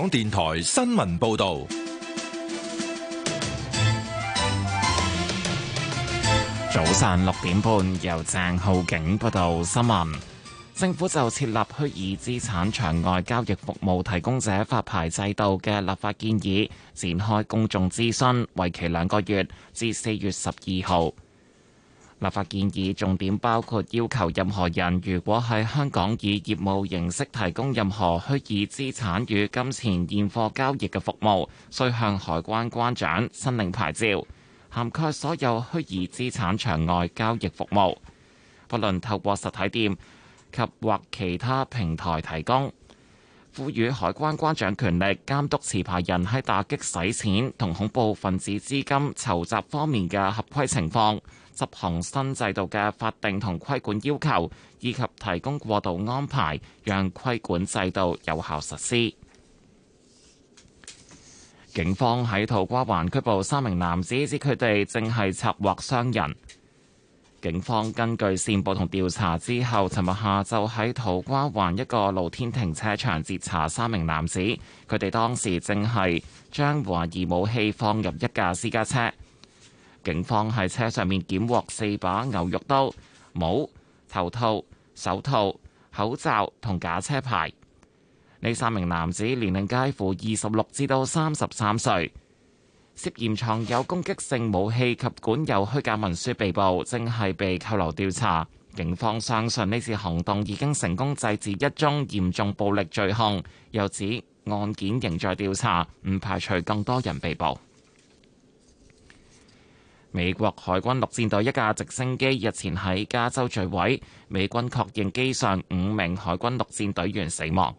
港電台新聞報道，早晨六點半，由鄭浩景報道新聞。政府就設立虛擬資產場外交易服務提供者發牌制度嘅立法建議，展開公眾諮詢，為期兩個月，至四月十二號。立法建議重點包括要求任何人，如果喺香港以業務形式提供任何虛擬資產與金錢現貨交易嘅服務，需向海關關長申領牌照，涵蓋所有虛擬資產場外交易服務，不論透過實體店及或其他平台提供。賦予海關關長權力監督持牌人喺打擊洗錢同恐怖分子資金籌集方面嘅合規情況。執行新制度嘅法定同規管要求，以及提供過渡安排，讓規管制度有效實施。警方喺土瓜灣拘捕三名男子，指佢哋正係策劃傷人。警方根據線報同調查之後，尋日下晝喺土瓜灣一個露天停車場截查三名男子，佢哋當時正係將懷疑武器放入一架私家車。警方喺車上面檢獲四把牛肉刀、帽、頭套、手套、口罩同假車牌。呢三名男子年齡介乎二十六至到三十三歲，涉嫌藏有攻擊性武器及管有虛假文書被捕，正係被扣留調查。警方相信呢次行動已經成功制止一宗嚴重暴力罪行，又指案件仍在調查，唔排除更多人被捕。美國海軍陸戰隊一架直升機日前喺加州墜毀，美軍確認機上五名海軍陸戰隊員死亡。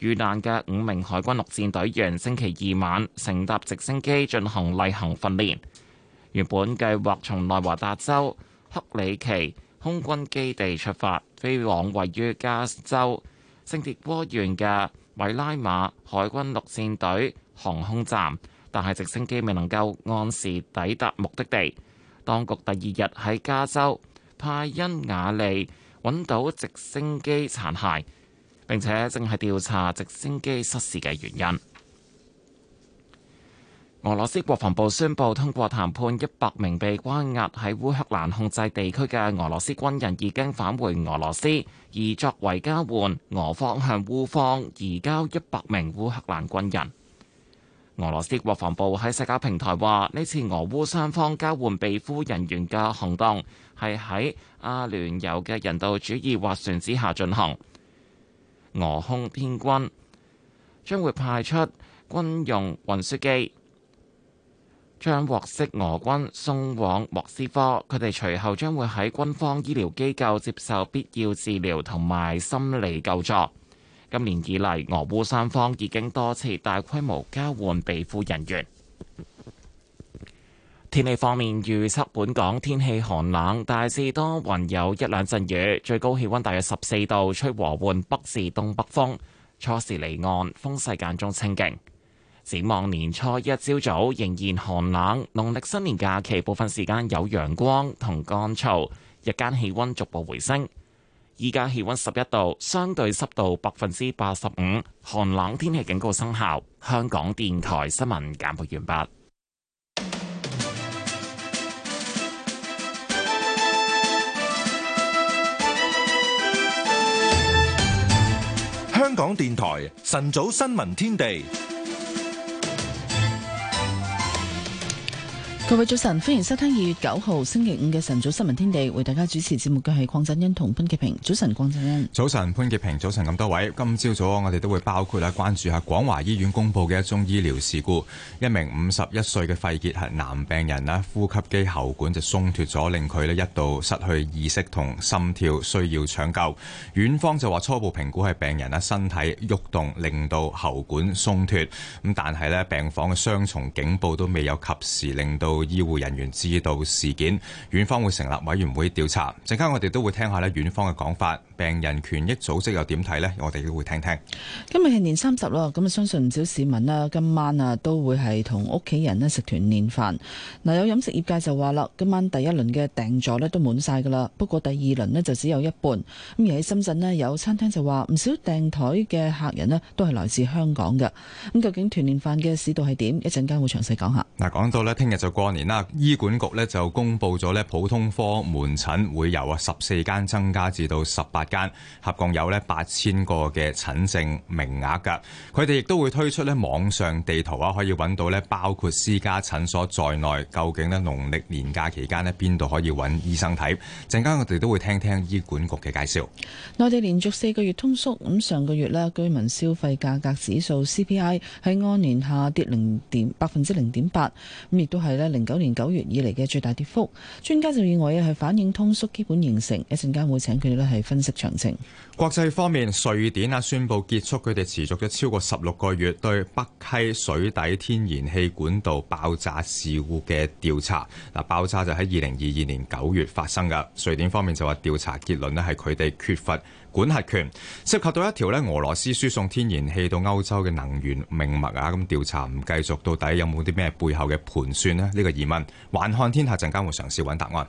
遇難嘅五名海軍陸戰隊員星期二晚乘搭直升機進行例行訓練，原本計劃從內華達州克里奇空軍基地出發，飛往位於加州聖迭戈縣嘅米拉馬海軍陸戰隊航空站。但係直升機未能夠按時抵達目的地。當局第二日喺加州派恩瓦利揾到直升機殘骸，並且正係調查直升機失事嘅原因。俄羅斯國防部宣布，通過談判，一百名被關押喺烏克蘭控制地區嘅俄羅斯軍人已經返回俄羅斯，而作為交換，俄方向烏方移交一百名烏克蘭軍人。俄羅斯國防部喺社交平台話：呢次俄烏雙方交換被俘人員嘅行動係喺阿聯酋嘅人道主義斡旋之下進行。俄空天軍將會派出軍用運輸機，將獲釋俄軍送往莫斯科，佢哋隨後將會喺軍方醫療機構接受必要治療同埋心理救助。今年以嚟，俄烏三方已經多次大規模交換被俘人員。天氣方面預測，預測本港天氣寒冷，大致多雲，有一兩陣雨，最高氣温大約十四度，吹和緩北至東北風，初時離岸，風勢間中清勁。展望年初一朝早，早仍然寒冷，農曆新年假期部分時間有陽光同乾燥，日間氣温逐步回升。依家氣温十一度，相對濕度百分之八十五，寒冷天氣警告生效。香港電台新聞簡報完畢。香港電台晨早新聞天地。各位早晨，歡迎收聽二月九號星期五嘅晨早新聞天地，為大家主持節目嘅係鄺振恩同潘潔平。早晨，鄺振恩。早晨，潘潔平。早晨，咁多位，今朝早我哋都會包括啦關注下廣華醫院公布嘅一宗醫療事故，一名五十一歲嘅肺結核男病人咧，呼吸機喉管就鬆脫咗，令佢咧一度失去意識同心跳，需要搶救。院方就話初步評估係病人啊身體喐動，令到喉管鬆脫，咁但係咧病房嘅雙重警報都未有及時令到。醫護人員指導事件，院方會成立委員會調查。陣間我哋都會聽下咧院方嘅講法，病人權益組織又點睇咧？我哋都會聽聽。今日係年三十啦，咁啊相信唔少市民啦今晚啊都會係同屋企人咧食團年飯。嗱，有飲食業界就話啦，今晚第一輪嘅訂座咧都滿晒噶啦，不過第二輪咧就只有一半。咁而喺深圳咧有餐廳就話唔少訂台嘅客人咧都係來自香港嘅。咁究竟團年飯嘅市道係點？一陣間會詳細講下。嗱，講到咧聽日就過近年啦，醫管局咧就公布咗咧，普通科門診會由啊十四間增加至到十八間，合共有咧八千個嘅診症名額噶。佢哋亦都會推出咧網上地圖啊，可以揾到咧，包括私家診所在內，究竟咧農曆年假期間咧邊度可以揾醫生睇？陣間我哋都會聽聽醫管局嘅介紹。內地連續四個月通縮，咁上個月啦，居民消費價格指數 CPI 喺按年下跌零點百分之零點八，咁亦都係咧。零九年九月以嚟嘅最大跌幅，專家就認為係反映通縮基本形成，一陣間會請佢哋呢係分析詳情。國際方面，瑞典啊宣布結束佢哋持續咗超過十六個月對北溪水底天然氣管道爆炸事故嘅調查。嗱，爆炸就喺二零二二年九月發生噶。瑞典方面就話調查結論呢係佢哋缺乏。管轄權涉及到一條俄羅斯輸送天然氣到歐洲嘅能源命脈啊，咁調查唔繼續，到底有冇啲咩背後嘅盤算呢？呢、這個疑問，環看天下陣間會嘗試揾答案。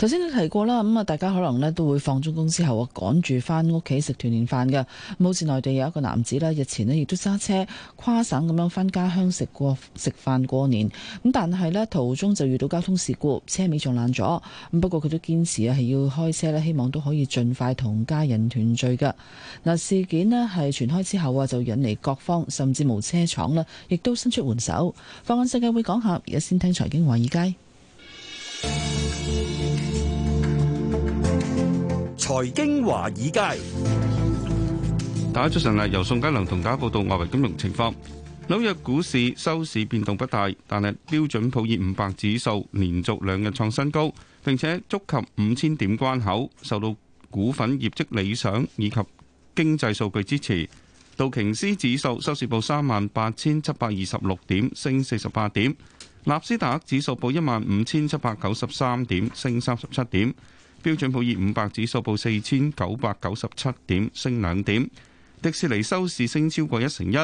頭先都提過啦，咁啊，大家可能咧都會放咗工之後啊，趕住翻屋企食團年飯嘅。好似內地有一個男子咧，日前咧亦都揸車跨省咁樣翻家鄉食過食飯過年。咁但係咧途中就遇到交通事故，車尾撞爛咗。咁不過佢都堅持啊，係要開車咧，希望都可以盡快同家人團聚嘅。嗱，事件咧係傳開之後啊，就引嚟各方，甚至無車廠咧，亦都伸出援手。放眼世界會講下，而家先聽財經華爾街。財經華爾街，大家早晨啦！由宋嘉良同大家報道外圍金融情況。紐約股市收市變動不大，但係標準普爾五百指數連續兩日創新高，並且觸及五千點關口。受到股份業績理想以及經濟數據支持，道瓊斯指數收市報三萬八千七百二十六點，升四十八點；納斯達克指數報一萬五千七百九十三點，升三十七點。標準普爾五百指數報四千九百九十七點，升兩點。迪士尼收市升超過一成一，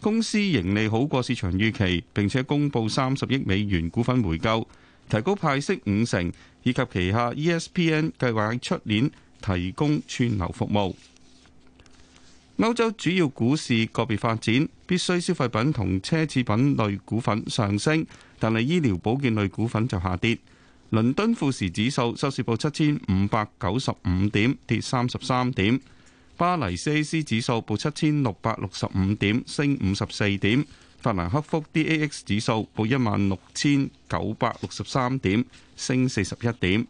公司盈利好過市場預期，並且公布三十億美元股份回購，提高派息五成，以及旗下 ESPN 計劃喺出年提供串流服務。歐洲主要股市個別發展，必需消費品同奢侈品類股份上升，但係醫療保健類股份就下跌。倫敦富時指數收市報七千五百九十五點，跌三十三點。巴黎 CAC 指數報七千六百六十五點，升五十四點。法蘭克福 DAX 指數報一萬六千九百六十三點，升四十一點。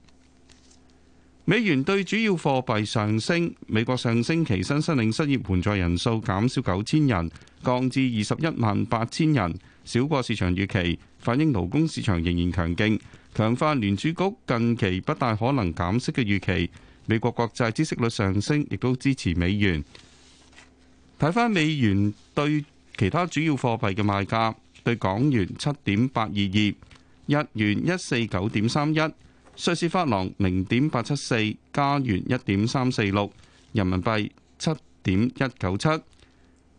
美元兌主要貨幣上升。美國上星期新申領失業援助人數減少九千人，降至二十一萬八千人，少過市場預期，反映勞工市場仍然強勁。強化聯儲局近期不大可能減息嘅預期，美國國債孳息率上升，亦都支持美元。睇翻美元對其他主要貨幣嘅賣價，對港元七點八二二，日元一四九點三一，瑞士法郎零點八七四，加元一點三四六，人民幣七點一九七，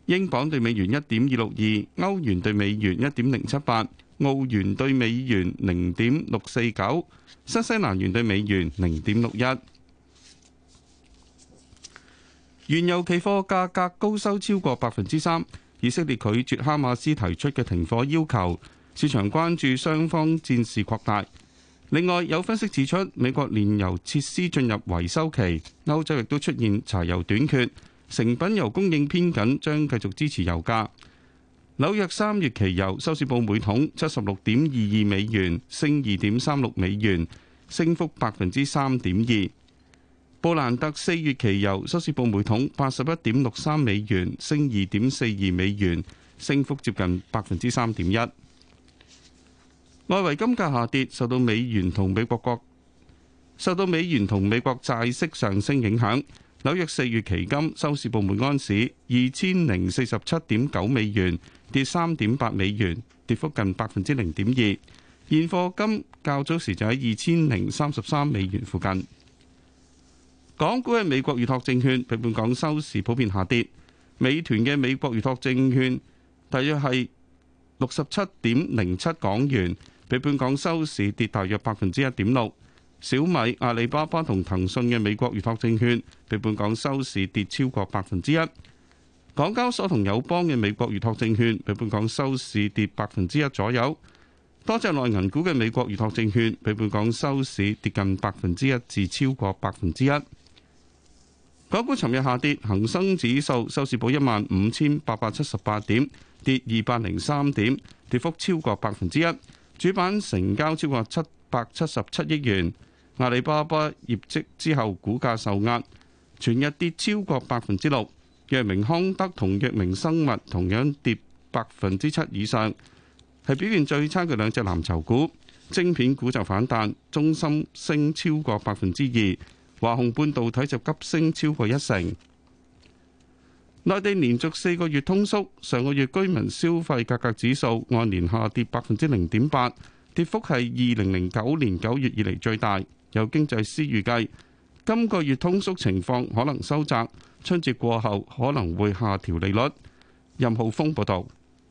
英鎊兌美元一點二六二，歐元兌美元一點零七八。澳元兌美元零點六四九，新西蘭元兌美元零點六一。原油期貨價格高收超過百分之三。以色列拒絕哈馬斯提出嘅停火要求，市場關注雙方戰事擴大。另外，有分析指出，美國煉油設施進入維修期，歐洲亦都出現柴油短缺，成品油供應偏緊，將繼續支持油價。紐約三月期油收市報每桶七十六點二二美元，升二點三六美元，升幅百分之三點二。布蘭特四月期油收市報每桶八十一點六三美元，升二點四二美元，升幅接近百分之三點一。外圍金價下跌受國國，受到美元同美國國受到美元同美國債息上升影響。紐約四月期金收市報每安士二千零四十七點九美元。跌三點八美元，跌幅近百分之零點二。現貨金較早時就喺二千零三十三美元附近。港股嘅美國預託證券，比本港收市普遍下跌。美團嘅美國預託證券大約係六十七點零七港元，比本港收市跌大約百分之一點六。小米、阿里巴巴同騰訊嘅美國預託證券，比本港收市跌超過百分之一。港交所同友邦嘅美國預託證券，比本港收市跌百分之一左右。多隻內銀股嘅美國預託證券，比本港收市跌近百分之一至超過百分之一。港股尋日下跌，恆生指數收市報一萬五千八百七十八點，跌二百零三點，跌幅超過百分之一。主板成交超過七百七十七億元。阿里巴巴業績之後，股價受壓，全日跌超過百分之六。藥明康德同藥明生物同樣跌百分之七以上，係表現最差嘅兩隻藍籌股。晶片股就反彈，中芯升超過百分之二，華虹半導體就急升超過一成。內地連續四個月通縮，上個月居民消費價格指數按年下跌百分之零點八，跌幅係二零零九年九月以嚟最大。有經濟師預計，今個月通縮情況可能收窄。春節過後可能會下調利率。任浩峰報道。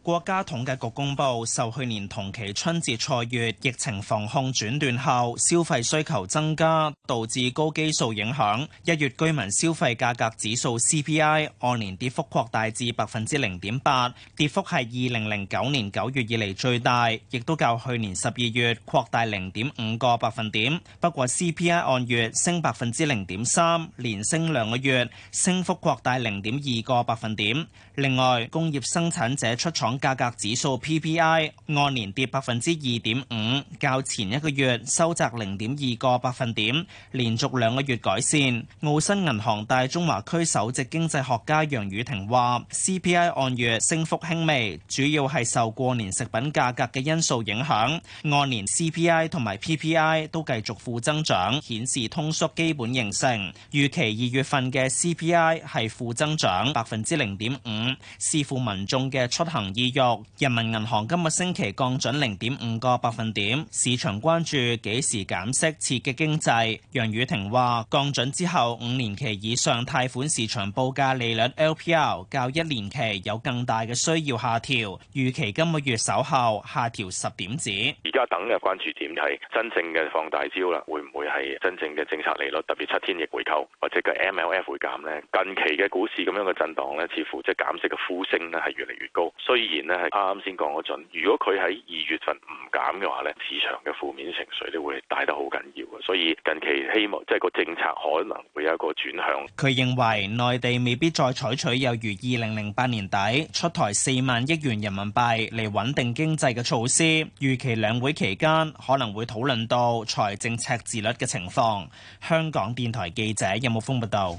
國家統計局公布，受去年同期春節錯月疫情防控轉段後，消費需求增加，導致高基數影響。一月居民消費價格指數 CPI 按年跌幅擴大至百分之零點八，跌幅係二零零九年九月以嚟最大，亦都較去年十二月擴大零點五個百分點。不過 CPI 按月升百分之零點三，連升兩個月，升幅擴大零點二個百分點。另外，工業生產者出廠價格指數 PPI 按年跌百分之二點五，較前一個月收窄零點二個百分點，連續兩個月改善。澳新銀行大中華區首席經濟學家楊宇霆話：CPI 按月升幅輕微，主要係受過年食品價格嘅因素影響。按年 CPI 同埋 PPI 都繼續負增長，顯示通縮基本形成。預期二月份嘅 CPI 係負增長百分之零點五。視乎民眾嘅出行意欲。人民銀行今個星期降準零點五個百分點，市場關注幾時減息刺激經濟。楊雨婷話：降準之後五年期以上貸款市場報價利率 LPR 較一年期有更大嘅需要下調，預期今個月稍後下調十點止。而家等嘅關注點係真正嘅放大招啦，會唔會係真正嘅政策利率，特別七天逆回購或者個 MLF 會減呢？近期嘅股市咁樣嘅震蕩呢，似乎即係減。即個呼聲呢，係越嚟越高，雖然呢係啱啱先講嗰陣，如果佢喺二月份唔減嘅話呢，市場嘅負面情緒呢會帶得好緊要嘅，所以近期希望即係個政策可能會有一個轉向。佢認為內地未必再採取有如二零零八年底出台四萬億元人民幣嚟穩定經濟嘅措施，預期兩會期間可能會討論到財政赤字率嘅情況。香港電台記者任木峰報道。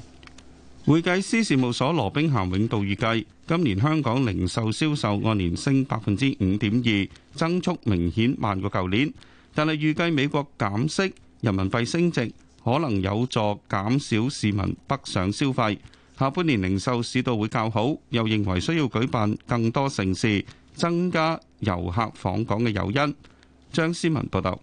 會計師事務所羅兵咸永道預計，今年香港零售銷售按年升百分之五點二，增速明顯慢過舊年。但係預計美國減息、人民幣升值，可能有助減少市民北上消費。下半年零售市道會較好，又認為需要舉辦更多盛事，增加遊客訪港嘅誘因。張思文報道。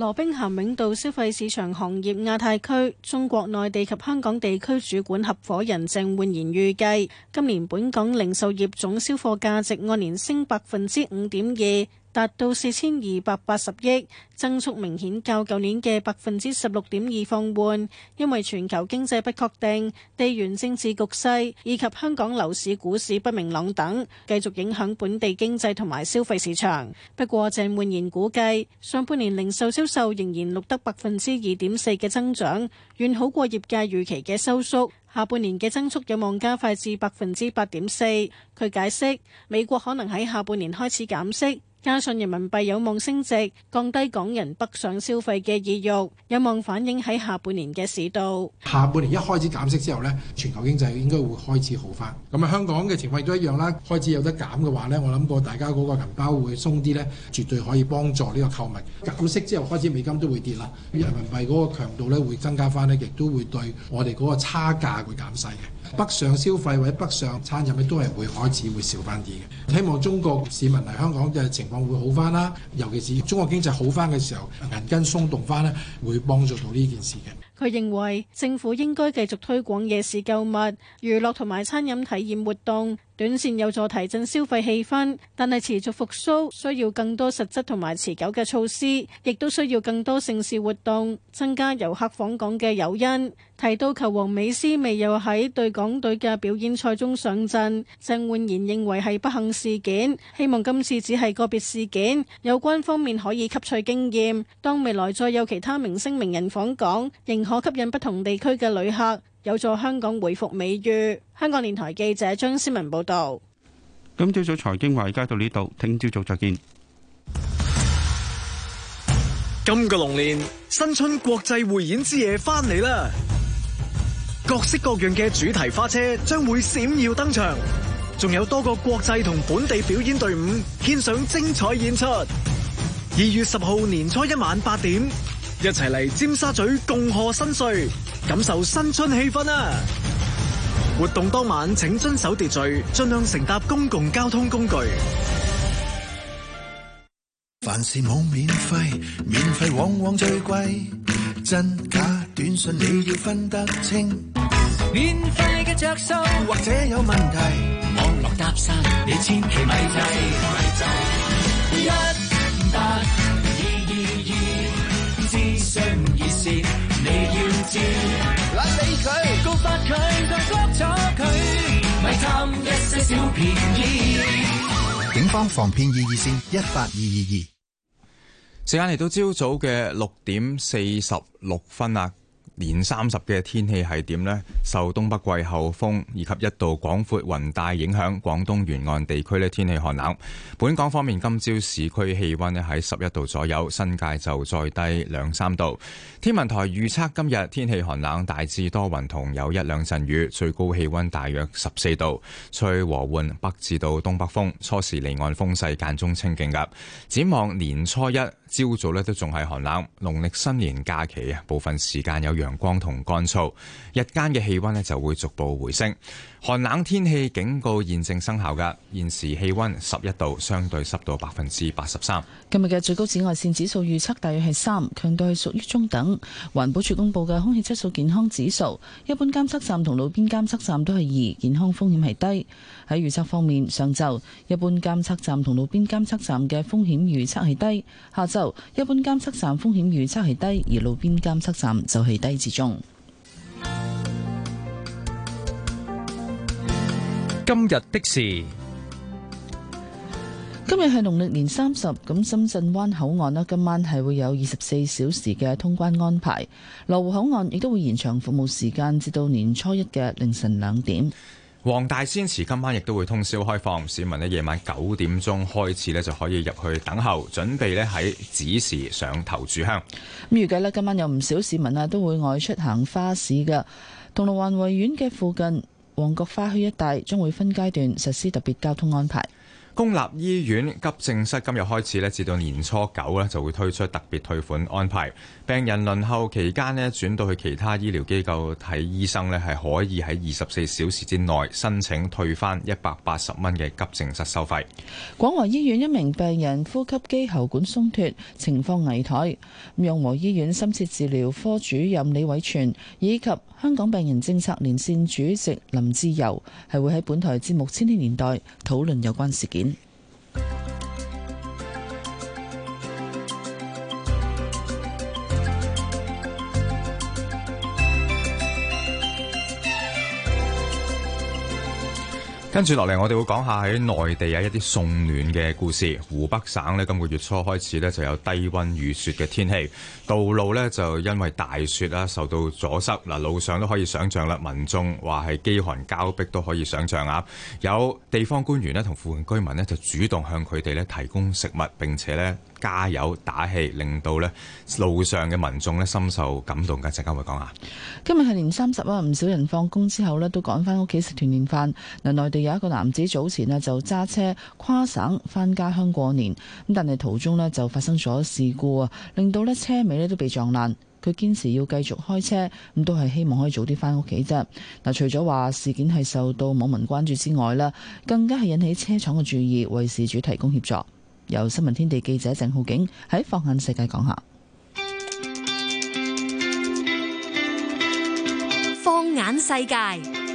羅兵咸永道消費市場行業亞太區中國內地及香港地區主管合夥人鄭煥然預計，今年本港零售業總銷貨價值按年升百分之五點二。達到四千二百八十億，增速明顯較舊年嘅百分之十六點二放緩，因為全球經濟不確定、地緣政治局勢以及香港樓市股市不明朗等，繼續影響本地經濟同埋消費市場。不過，鄭煥賢估計上半年零售銷售仍然錄得百分之二點四嘅增長，遠好過業界預期嘅收縮。下半年嘅增速有望加快至百分之八點四。佢解釋美國可能喺下半年開始減息。加上人民幣有望升值，降低港人北上消費嘅意欲，有望反映喺下半年嘅市道。下半年一開始減息之後呢，全球經濟應該會開始好返。咁啊，香港嘅情況亦都一樣啦。開始有得減嘅話呢，我諗過大家嗰個銀包會鬆啲呢，絕對可以幫助呢個購物。減息之後開始美金都會跌啦，人民幣嗰個強度咧會增加返呢，亦都會對我哋嗰個差價會減細嘅。北上消費或者北上餐飲咧都係會開始會少翻啲嘅，希望中國市民嚟香港嘅情況會好翻啦，尤其是中國經濟好翻嘅時候，銀根鬆動翻咧會幫助到呢件事嘅。佢認為政府應該繼續推廣夜市購物、娛樂同埋餐飲體驗活動。短線有助提振消費氣氛，但係持續復甦需要更多實質同埋持久嘅措施，亦都需要更多盛事活動增加遊客訪港嘅誘因。提到球王美斯未有喺對港隊嘅表演賽中上陣，鄭煥然認為係不幸事件，希望今次只係個別事件，有關方面可以吸取經驗。當未來再有其他明星名人訪港，仍可吸引不同地區嘅旅客。有助香港回復美譽。香港電台記者張思文報道。今朝早財經話而家到呢度，聽朝早再見。今個龍年新春國際匯演之夜翻嚟啦！各式各樣嘅主題花車將會閃耀登場，仲有多個國際同本地表演隊伍獻上精彩演出。二月十號年初一晚八點。一齊嚟尖沙咀共賀新歲，感受新春氣氛啊！活動當晚請遵守秩序，盡量乘搭公共交通工具。凡事冇免費，免費往往最貴。真假短信你要分得清。免費嘅着數，或者有問題，網絡搭訕你千祈咪制。一八上你要知小便宜，警方防騙，二二線，一八二二二，時間嚟到朝早嘅六點四十六分啊！年三十嘅天氣係點咧？受東北季候風以及一度廣闊雲帶影響，廣東沿岸地區咧天氣寒冷。本港方面，今朝市區氣溫咧喺十一度左右，新界就再低兩三度。天文台預測今日天氣寒冷，大致多雲同有一兩陣雨，最高氣溫大約十四度，吹和緩北至到東北風，初時離岸風勢間中清勁嘅。展望年初一朝早咧都仲係寒冷，農曆新年假期啊部分時間有陽。陽光同乾燥，日間嘅氣溫呢，就會逐步回升。寒冷天氣警告現正生效㗎，現時氣温十一度，相對濕度百分之八十三。今日嘅最高紫外線指數預測大約係三，強度係屬於中等。環保署公布嘅空氣質素健康指數，一般監測站同路邊監測站都係二，健康風險係低。喺預測方面，上晝一般監測站同路邊監測站嘅風險預測係低，下晝一般監測站風險預測係低，而路邊監測站就係低至中。今日的事，今日係農曆年三十，咁深圳灣口岸咧，今晚係會有二十四小時嘅通關安排，羅湖口岸亦都會延長服務時間至到年初一嘅凌晨兩點。黃大仙祠今晚亦都會通宵開放，市民咧，夜晚九點鐘開始咧，就可以入去等候，準備咧喺子時上頭柱香。咁預計咧今晚有唔少市民啊都會外出行花市嘅，銅鑼灣維園嘅附近，旺角花墟一帶將會分階段實施特別交通安排。公立醫院急症室今日開始咧，至到年初九咧就會推出特別退款安排。病人輪候期間咧，轉到去其他醫療機構睇醫生咧，係可以喺二十四小時之內申請退翻一百八十蚊嘅急症室收費。廣華醫院一名病人呼吸機喉管鬆脫，情況危殆。養和醫院深切治療科主任李偉全以及香港病人政策連線主席林志柔係會喺本台節目《千禧年代》討論有關事件。跟住落嚟，我哋會講下喺內地有一啲送暖嘅故事。湖北省呢，今個月初開始呢就有低溫雨雪嘅天氣。道路呢就因為大雪啦，受到阻塞。嗱，路上都可以想象啦，民眾話係飢寒交迫都可以想象啊。有地方官員咧同附近居民咧就主動向佢哋咧提供食物，並且咧加油打氣，令到咧路上嘅民眾咧深受感動嘅。陣間會講下今日係年三十啊，唔少人放工之後咧都趕翻屋企食團年飯。嗱，內地有一個男子早前啊就揸車跨省翻家鄉過年，咁但係途中呢就發生咗事故啊，令到咧車尾，咧都被撞爛，佢堅持要繼續開車，咁都係希望可以早啲翻屋企啫。嗱，除咗話事件係受到網民關注之外咧，更加係引起車廠嘅注意，為事主提供協助。由新聞天地記者鄭浩景喺放眼世界講下。放眼世界。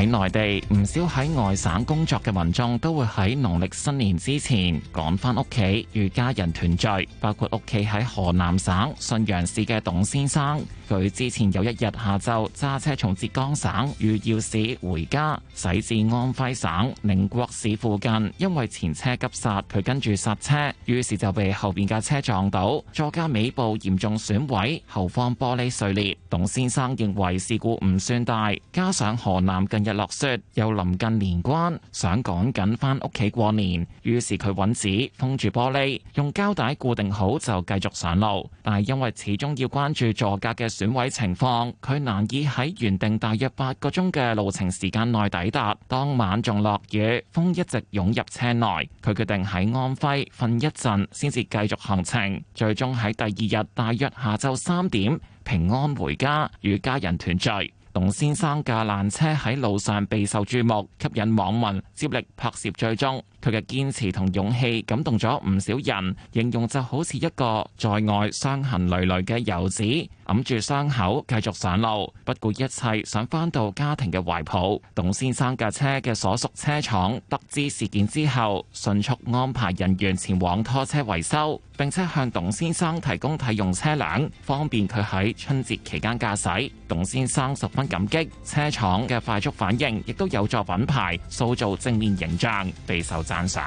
喺內地，唔少喺外省工作嘅民眾都會喺農曆新年之前趕返屋企與家人團聚。包括屋企喺河南省信陽市嘅董先生，佢之前有一日下晝揸車從浙江省餘姚市回家，駛至安徽省寧國市附近，因為前車急剎，佢跟住剎車，於是就被後邊架車撞到，座駕尾部嚴重損毀，後方玻璃碎裂。董先生認為事故唔算大，加上河南近日。落雪，又臨近年關，想趕緊翻屋企過年，於是佢揾紙封住玻璃，用膠帶固定好就繼續上路。但係因為始終要關注座駕嘅損毀情況，佢難以喺原定大約八個鐘嘅路程時間內抵達。當晚仲落雨，風一直湧入車內，佢決定喺安徽瞓一陣，先至繼續行程。最終喺第二日大約下晝三點平安回家，與家人團聚。董先生架爛車喺路上備受注目，吸引網民接力拍攝最終。佢嘅堅持同勇氣感動咗唔少人，形容就好似一個在外傷痕累累嘅遊子，揞住傷口繼續上路，不顧一切想翻到家庭嘅懷抱。董先生架車嘅所屬車廠得知事件之後，迅速安排人員前往拖車維修，並且向董先生提供替用車輛，方便佢喺春節期間駕駛。董先生十分感激車廠嘅快速反應，亦都有助品牌塑造正面形象，備受。南省、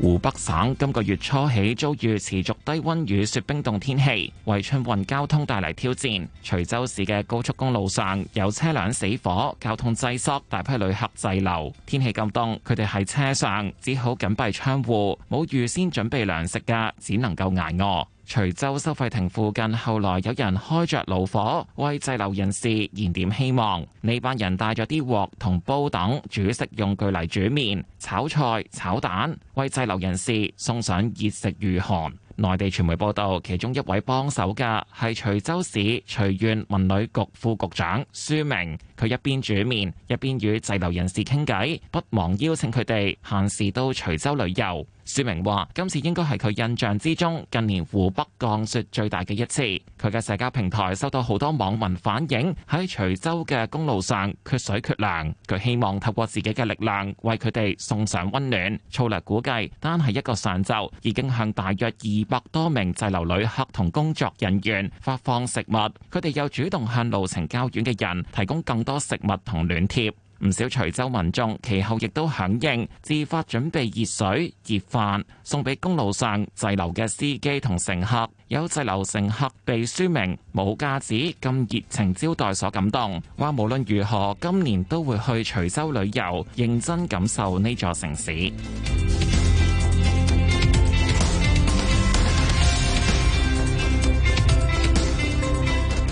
湖北省今個月初起遭遇持續低溫雨雪冰凍天氣，為春運交通帶嚟挑戰。隨州市嘅高速公路上有車輛死火，交通滯塞，大批旅客滯留。天氣咁凍，佢哋喺車上只好緊閉窗戶，冇預先準備糧食嘅，只能夠挨餓。徐州收費亭附近，後來有人開着爐火，為滯留人士燃點希望。呢班人帶咗啲鑊同煲等，煮食用具嚟煮麵、炒菜、炒蛋，為滯留人士送上熱食御寒。內地傳媒報道，其中一位幫手嘅係徐州市徐縣文旅局副，副局長舒明，佢一邊煮麵，一邊與滯留人士傾偈，不忘邀請佢哋閒時到徐州旅遊。說明話，今次應該，係佢印象之中近年湖北降雪最大嘅一次。佢嘅社交平台收到好多網民反映喺隨州嘅公路上缺水缺糧，佢希望透過自己嘅力量為佢哋送上溫暖。粗略估計單係一個上晝已經向大約二百多名滯留旅客同工作人員發放食物。佢哋又主動向路程較遠嘅人提供更多食物同暖貼。唔少徐州民眾，其後亦都響應，自發準備熱水、熱飯送俾公路上滯留嘅司機同乘客。有滯留乘客被書名冇架子咁熱情招待所感動，話無論如何今年都會去徐州旅遊，認真感受呢座城市。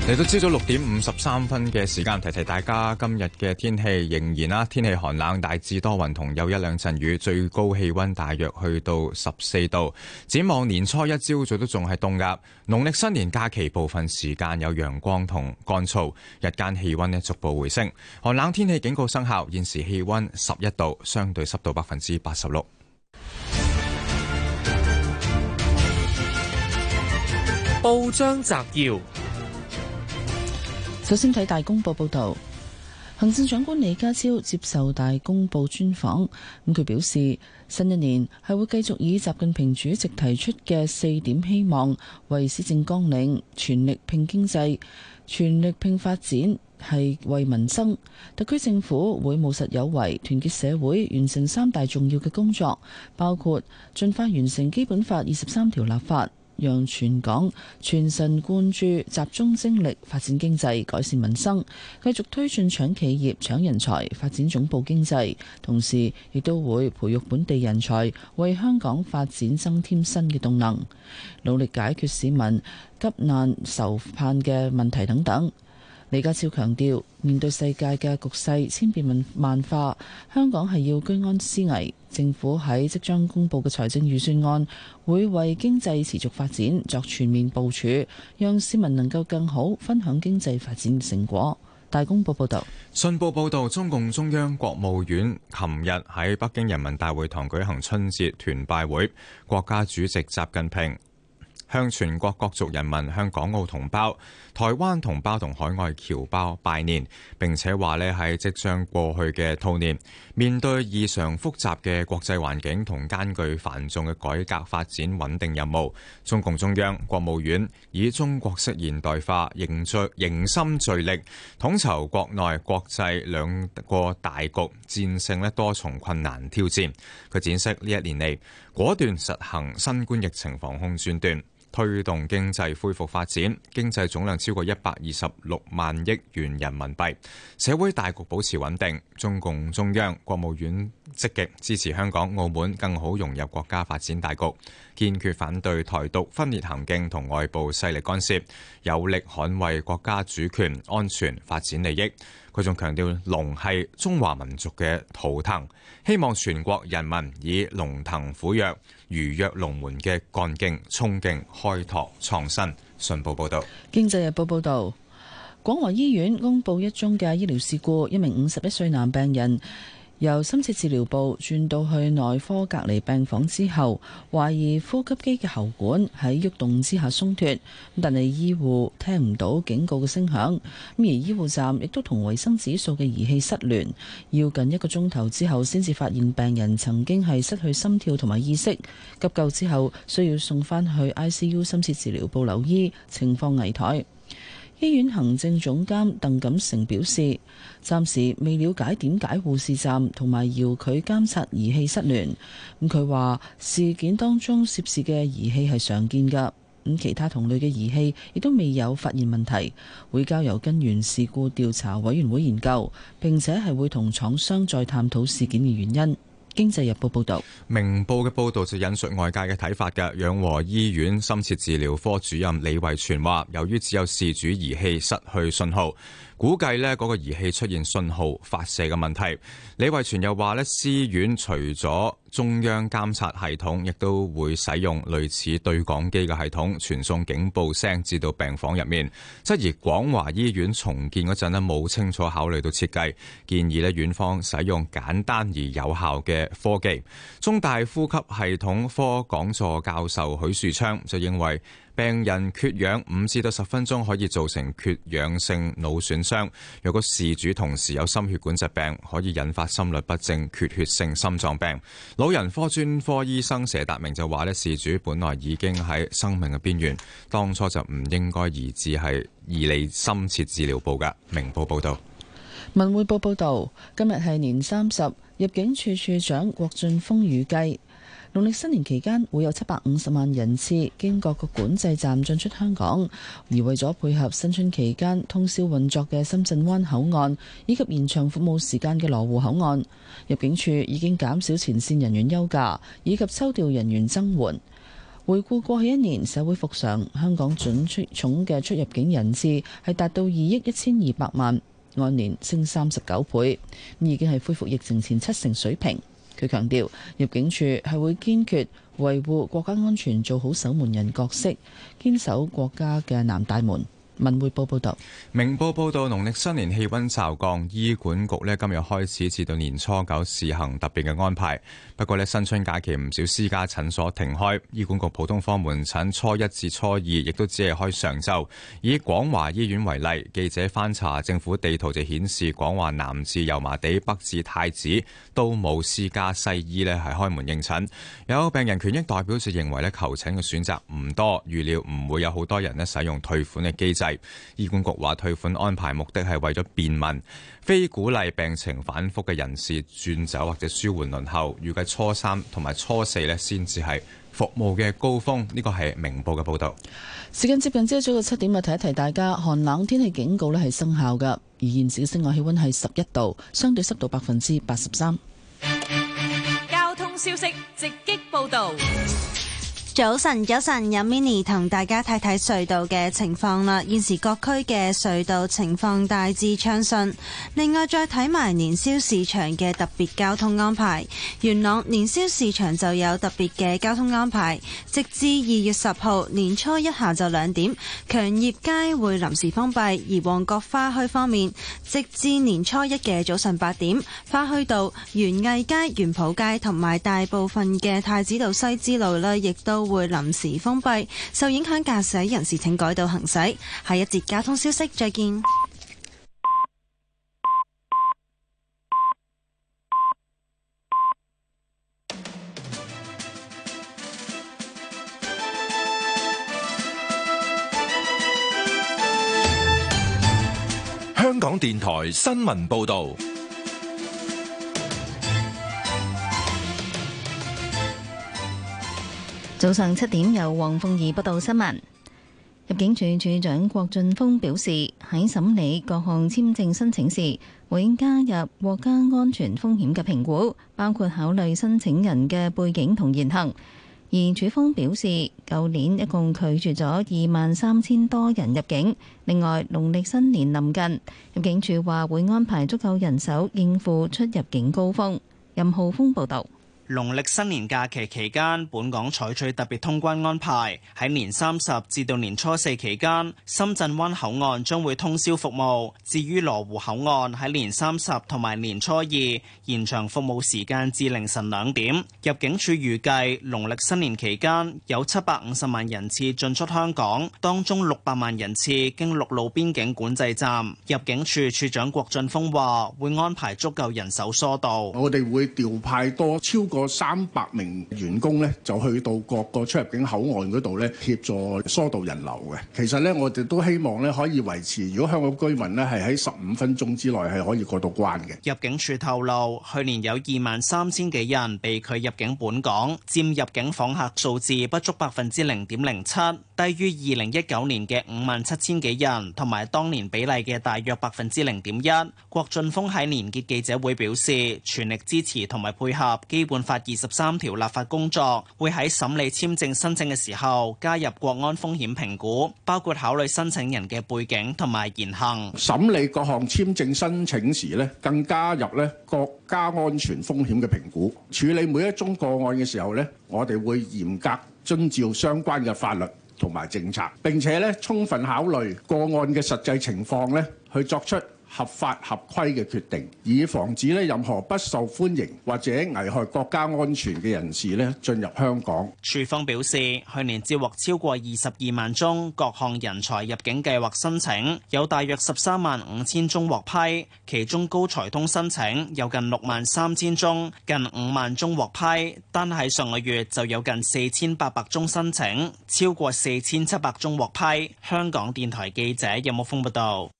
嚟到朝早六點五十三分嘅時間，提提大家今日嘅天氣仍然啦，天氣寒冷，大致多雲同有一兩陣雨，最高氣溫大約去到十四度。展望年初一朝早都仲係凍噶，農曆新年假期部分時間有陽光同乾燥，日間氣溫呢逐步回升。寒冷天氣警告生效，現時氣溫十一度，相對濕度百分之八十六。報章摘要。首先睇大公報報道，行政長官李家超接受大公報專訪，咁佢表示，新一年係會繼續以習近平主席提出嘅四點希望為施政綱領，全力拼經濟，全力拼發展，係為民生。特區政府會務實有為，團結社會，完成三大重要嘅工作，包括盡快完成基本法二十三條立法。讓全港全神貫注、集中精力發展經濟、改善民生，繼續推進搶企業、搶人才，發展總部經濟，同時亦都會培育本地人才，為香港發展增添新嘅動能，努力解決市民急難愁盼嘅問題等等。李家超強調，面對世界嘅局勢千變萬化，香港係要居安思危。政府喺即將公布嘅財政預算案，會為經濟持續發展作全面部署，讓市民能夠更好分享經濟發展成果。大公報報道，信報報道，中共中央國務院琴日喺北京人民大會堂舉行春節團拜會，國家主席習近平。向全國各族人民、向港澳同胞、台灣同胞同海外僑胞拜年。並且話咧，係即將過去嘅兔年，面對異常複雜嘅國際環境同艱巨繁重嘅改革發展穩定任務，中共中央、國務院以中國式現代化凝聚凝心聚力，統籌國內國際兩個大局，戰勝咧多重困難挑戰。佢展示呢一年嚟，果斷實行新冠疫情防控宣斷。推動經濟恢復發展，經濟總量超過一百二十六萬億元人民幣，社會大局保持穩定。中共中央、國務院積極支持香港、澳門更好融入國家發展大局，堅決反對台獨分裂行徑同外部勢力干涉，有力捍衛國家主權、安全、發展利益。佢仲強調龍係中華民族嘅圖騰，希望全國人民以龍騰虎躍、如躍龍門嘅幹勁、衝勁、開拓創新。信報報導，經濟日報報道：「廣華醫院公布一宗嘅醫療事故，一名五十一歲男病人，由深切治療部轉到去內科隔離病房之後，懷疑呼吸機嘅喉管喺喐動之下鬆脱，但係醫護聽唔到警告嘅聲響，咁而醫護站亦都同衛生指數嘅儀器失聯，要近一個鐘頭之後先至發現病人曾經係失去心跳同埋意識，急救之後需要送翻去 ICU 深切治療部留醫，情況危殆。醫院行政總監鄧錦成表示，暫時未了解點解護士站同埋遙距監察儀器失聯。咁佢話事件當中涉事嘅儀器係常見噶，咁其他同類嘅儀器亦都未有發現問題。會交由根源事故調查委員會研究，並且係會同廠商再探討事件嘅原因。經濟日報報道，明報嘅報道就引述外界嘅睇法嘅。養和醫院深切治療科主任李慧泉話：，由於只有事主儀器失去信號。估計呢嗰個儀器出現信號發射嘅問題。李慧泉又話呢，私院除咗中央監察系統，亦都會使用類似對講機嘅系統傳送警報聲至到病房入面。質疑廣華醫院重建嗰陣呢冇清楚考慮到設計，建議呢院方使用簡單而有效嘅科技。中大呼吸系統科講座教授許樹昌就認為。病人缺氧五至到十分鐘可以造成缺氧性腦損傷。若果事主同時有心血管疾病，可以引發心律不正、缺血性心臟病。老人科專科醫生謝達明就話咧：事主本來已經喺生命嘅邊緣，當初就唔應該移至係移離深切治療部噶。明報報道。文匯報報道：今日係年三十，入境處處長郭俊峰預計，農曆新年期間會有七百五十萬人次經各個管制站進出香港，而為咗配合新春期間通宵運作嘅深圳灣口岸以及延長服務時間嘅羅湖口岸，入境處已經減少前線人員休假以及抽調人員增援。回顧過去一年社會復常，香港準出重嘅出入境人次係達到二億一千二百萬，按年升三十九倍，已經係恢復疫情前七成水平。佢強調入境處係會堅決維護國家安全，做好守門人角色，堅守國家嘅南大門。文匯報報道，明報報道，農曆新年氣溫驟降，醫管局呢今日開始至到年初九試行特別嘅安排。不過呢，新春假期唔少私家診所停開，醫管局普通科門診初一至初二亦都只係開上晝。以廣華醫院為例，記者翻查政府地圖就顯示，廣華南至油麻地、北至太子都冇私家西醫呢係開門應診。有病人權益代表就認為呢，求診嘅選擇唔多，預料唔會有好多人呢使用退款嘅機制。醫管局話退款安排目的係為咗便民，非鼓勵病情反覆嘅人士轉走或者舒緩輪候。預計初三同埋初四咧，先至係服務嘅高峰。呢個係明報嘅報道。時間接近朝早嘅七點，提一提大家，寒冷天氣警告咧係生效㗎。而現時嘅室外氣溫係十一度，相對濕度百分之八十三。交通消息，直擊報道。早晨，早晨，有 mini 同大家睇睇隧道嘅情況啦。現時各區嘅隧道情況大致暢順。另外，再睇埋年宵市場嘅特別交通安排。元朗年宵市場就有特別嘅交通安排，直至二月十號年初一下晝兩點，強業街會臨時封閉，而旺角花墟方面，直至年初一嘅早晨八點，花墟道、園藝街、園圃街同埋大部分嘅太子道西支路呢亦都。會臨時封閉，受影響駕駛人士請改道行駛。下一節交通消息，再見。香港電台新聞報道。早上七點由黃鳳儀報道新聞。入境處處長郭俊峰表示，喺審理各項簽證申請時，會加入國家安全風險嘅評估，包括考慮申請人嘅背景同言行。而處方表示，舊年一共拒絕咗二萬三千多人入境。另外，農曆新年臨近，入境處話會安排足夠人手應付出入境高峰。任浩峰報道。農曆新年假期期間，本港採取特別通關安排。喺年三十至到年初四期間，深圳灣口岸將會通宵服務。至於羅湖口岸喺年三十同埋年初二，延長服務時間至凌晨兩點。入境處預計農曆新年期間有七百五十萬人次進出香港，當中六百萬人次經陸路邊境管制站。入境處處長郭俊峰話會安排足夠人手疏導，我哋會調派多超過。個三百名員工呢，就去到各個出入境口岸嗰度呢協助疏導人流嘅。其實呢，我哋都希望呢可以維持。如果香港居民呢，係喺十五分鐘之內係可以過到關嘅。入境處透露，去年有二萬三千幾人被拒入境本港，佔入境訪客數字不足百分之零點零七，低於二零一九年嘅五萬七千幾人，同埋當年比例嘅大約百分之零點一。郭俊峰喺年結記者會表示，全力支持同埋配合基本法二十三條立法工作會喺審理簽證申請嘅時候加入國安風險評估，包括考慮申請人嘅背景同埋言行。審理各項簽證申請時呢，更加入呢國家安全風險嘅評估。處理每一宗個案嘅時候呢，我哋會嚴格遵照相關嘅法律同埋政策，並且呢充分考慮個案嘅實際情況呢去作出。合法合規嘅決定，以防止咧任何不受歡迎或者危害國家安全嘅人士進入香港。處方表示，去年接獲超過二十二萬宗各項人才入境計劃申請，有大約十三萬五千宗獲批，其中高才通申請有近六萬三千宗，近五萬宗獲批。單喺上個月就有近四千八百宗申請，超過四千七百宗獲批。香港電台記者任木峯報道。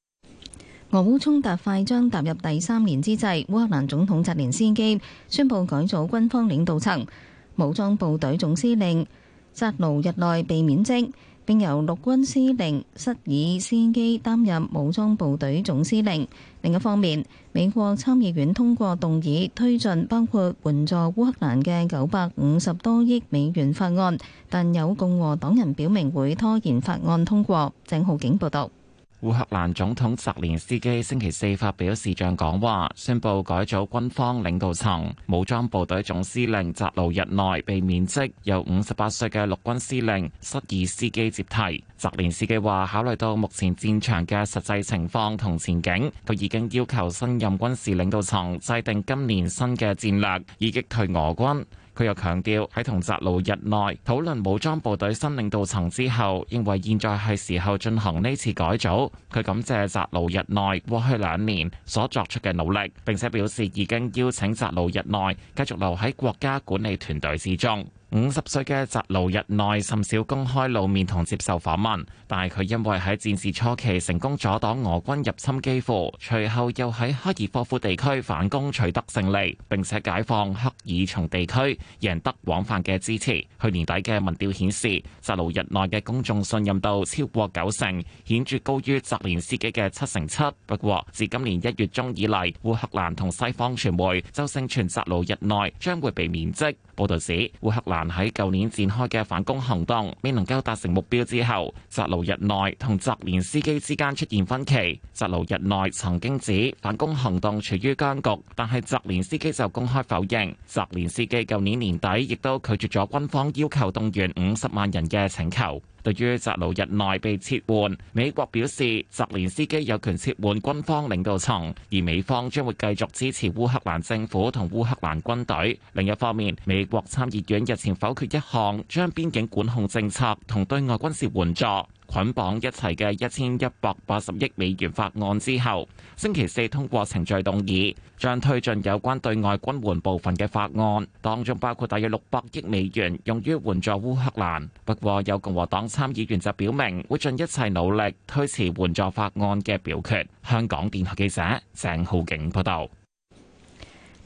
俄烏衝突快將踏入第三年之際，烏克蘭總統澤連斯基宣布改組軍方領導層，武裝部隊總司令扎盧日內被免職，並由陸軍司令瑟爾斯基擔任武裝部隊總司令。另一方面，美國參議院通過動議推進包括援助烏克蘭嘅九百五十多億美元法案，但有共和黨人表明會拖延法案通過。鄭浩景報道。烏克蘭總統澤連斯基星期四發表視像講話，宣布改組軍方領導層，武裝部隊總司令扎魯日內被免職，由五十八歲嘅陸軍司令瑟爾斯基接替。澤連斯基話，考慮到目前戰場嘅實際情況同前景，佢已經要求新任軍事領導層制定今年新嘅戰略，以擊退俄軍。佢又強調喺同澤路日內討論武裝部隊新領導層之後，認為現在係時候進行呢次改組。佢感謝澤路日內過去兩年所作出嘅努力，並且表示已經邀請澤路日內繼續留喺國家管理團隊之中。五十歲嘅澤魯日內甚少公開露面同接受訪問，但係佢因為喺戰事初期成功阻擋俄軍入侵基輔，隨後又喺哈爾科夫地區反攻取得勝利，並且解放赫爾松地區，贏得廣泛嘅支持。去年底嘅民調顯示，澤魯日內嘅公眾信任度超過九成，顯著高於澤連斯基嘅七成七。不過，自今年一月中以嚟，烏克蘭同西方傳媒就盛傳澤魯日內將會被免職。報導指，烏克蘭喺舊年展開嘅反攻行動未能夠達成目標之後，澤盧日內同澤連斯基之間出現分歧。澤盧日內曾經指反攻行動處於僵局，但係澤連斯基就公開否認。澤連斯基舊年年底亦都拒絕咗軍方要求動員五十萬人嘅請求。對於扎魯日內被撤換，美國表示澤連斯基有權撤換軍方領導層，而美方將會繼續支持烏克蘭政府同烏克蘭軍隊。另一方面，美國參議院日前否決一項將邊境管控政策同對外軍事援助，捆綁一齊嘅一千一百八十億美元法案之後，星期四通過程序動議，將推進有關對外軍援部分嘅法案，當中包括大約六百億美元用於援助烏克蘭。不過，有共和黨參議員就表明會盡一切努力推遲援助法案嘅表決。香港電台記者鄭浩景報道。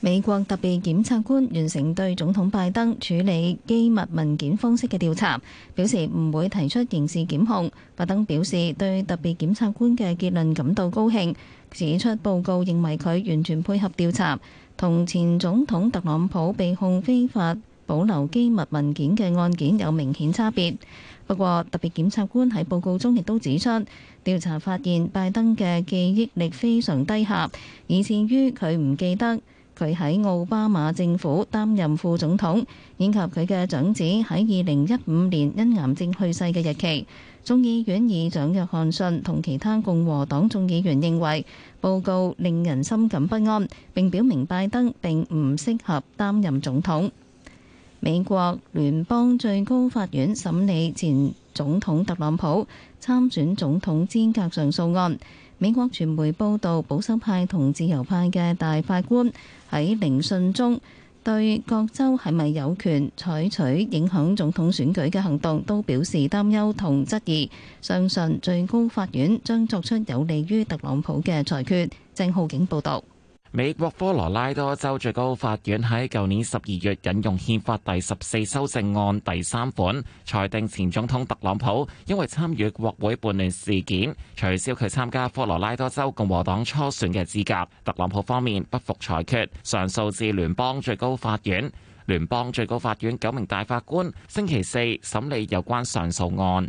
美國特別檢察官完成對總統拜登處理機密文件方式嘅調查，表示唔會提出刑事檢控。拜登表示對特別檢察官嘅結論感到高興，指出報告認為佢完全配合調查，同前總統特朗普被控非法保留機密文件嘅案件有明顯差別。不過，特別檢察官喺報告中亦都指出，調查發現拜登嘅記憶力非常低下，以至於佢唔記得佢喺奧巴馬政府擔任副總統，以及佢嘅長子喺二零一五年因癌症去世嘅日期，眾議院議長約翰遜同其他共和黨眾議員認為報告令人深感不安，並表明拜登並唔適合擔任總統。美國聯邦最高法院審理前總統特朗普參選總統資格上訴案。美國傳媒報道，保守派同自由派嘅大法官喺聆訊中對各州係咪有權採取影響總統選舉嘅行動都表示擔憂同質疑，相信最高法院將作出有利於特朗普嘅裁決。鄭浩景報道。美國科羅拉多州最高法院喺舊年十二月引用憲法第十四修正案第三款，裁定前總統特朗普因為參與國會叛亂事件，取消佢參加科羅拉多州共和黨初選嘅資格。特朗普方面不服裁決，上訴至聯邦最高法院。聯邦最高法院九名大法官星期四審理有關上訴案。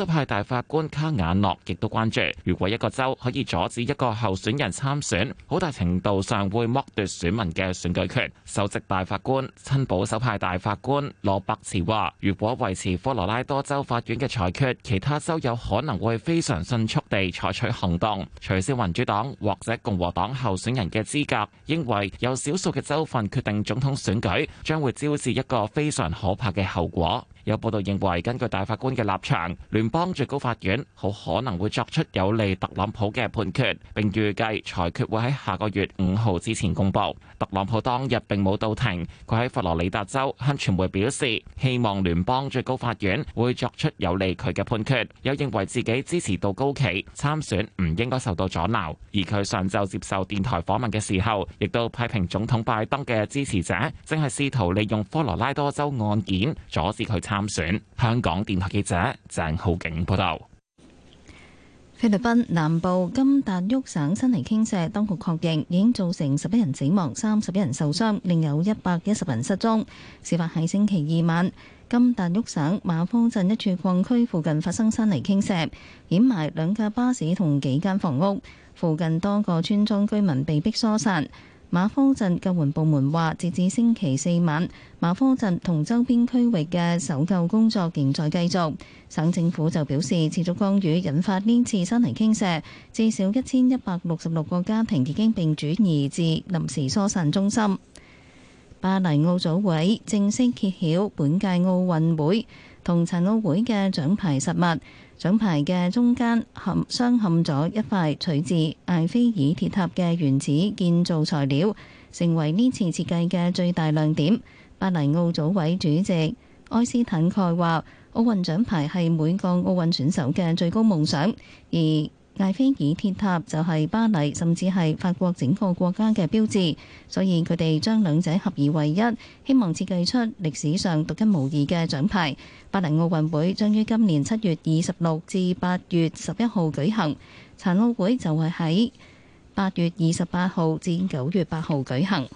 州派大法官卡瓦諾亦都關注，如果一個州可以阻止一個候選人參選，好大程度上會剝奪選民嘅選舉權。首席大法官親保守派大法官羅伯茨話，如果維持科羅拉多州法院嘅裁決，其他州有可能會非常迅速地採取行動，取消民主黨或者共和黨候選人嘅資格。因為有少數嘅州份決定總統選舉，將會招致一個非常可怕嘅後果。有報道認為，根據大法官嘅立場，聯邦最高法院好可能會作出有利特朗普嘅判決，並預計裁決會喺下個月五號之前公佈。特朗普當日並冇到庭，佢喺佛羅里達州向傳媒表示，希望聯邦最高法院會作出有利佢嘅判決，又認為自己支持度高企，參選唔應該受到阻撓，而佢上晝接受電台訪問嘅時候，亦都批評總統拜登嘅支持者正係試圖利用科羅拉多州案件阻止佢。參選。香港電台記者鄭浩景報道。菲律賓南部金達沃省山泥傾瀉，當局確認已經造成十一人死亡、三十一人受傷，另有一百一十人失蹤。事發喺星期二晚，金達沃省馬科鎮一處礦區附近發生山泥傾瀉，掩埋兩架巴士同幾間房屋，附近多個村莊居民被逼疏散。馬科鎮救援部門話，截至星期四晚，馬科鎮同周邊區域嘅搜救工作仍在繼續。省政府就表示，持續降雨引發呢次山泥傾瀉，至少一千一百六十六個家庭已經並轉移至臨時疏散中心。巴黎奧組委正式揭曉本屆奧運會同殘奧會嘅獎牌實物。獎牌嘅中間鑲嵌咗一塊取自埃菲爾鐵塔嘅原始建造材料，成為呢次設計嘅最大亮點。巴黎奧組委主席埃斯坦蓋話：奧運獎牌係每個奧運選手嘅最高夢想，而。艾菲爾鐵塔就係巴黎，甚至係法國整個國家嘅標誌，所以佢哋將兩者合二為一，希望設計出歷史上獨一無二嘅獎牌。巴黎奧運會將於今年七月二十六至八月十一號舉行，殘奧會就係喺八月二十八號至九月八號舉行。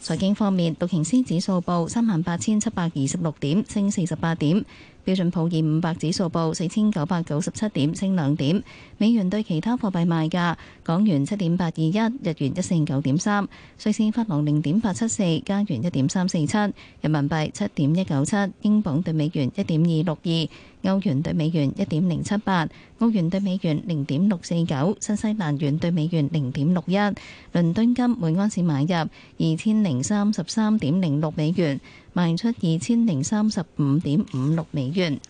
財經方面，道瓊斯指數報三萬八千七百二十六點，升四十八點。標準普爾五百指數報四千九百九十七點，升兩點。美元對其他貨幣賣價：港元七點八二一，日元一四九點三，瑞士法郎零點八七四，加元一點三四七，人民幣七點一九七，英鎊對美元一點二六二，歐元對美元一點零七八，澳元對美元零點六四九，新西蘭元對美元零點六一。倫敦金每盎司買入二千零三十三點零六美元。賣出二千零三十五點五六美元。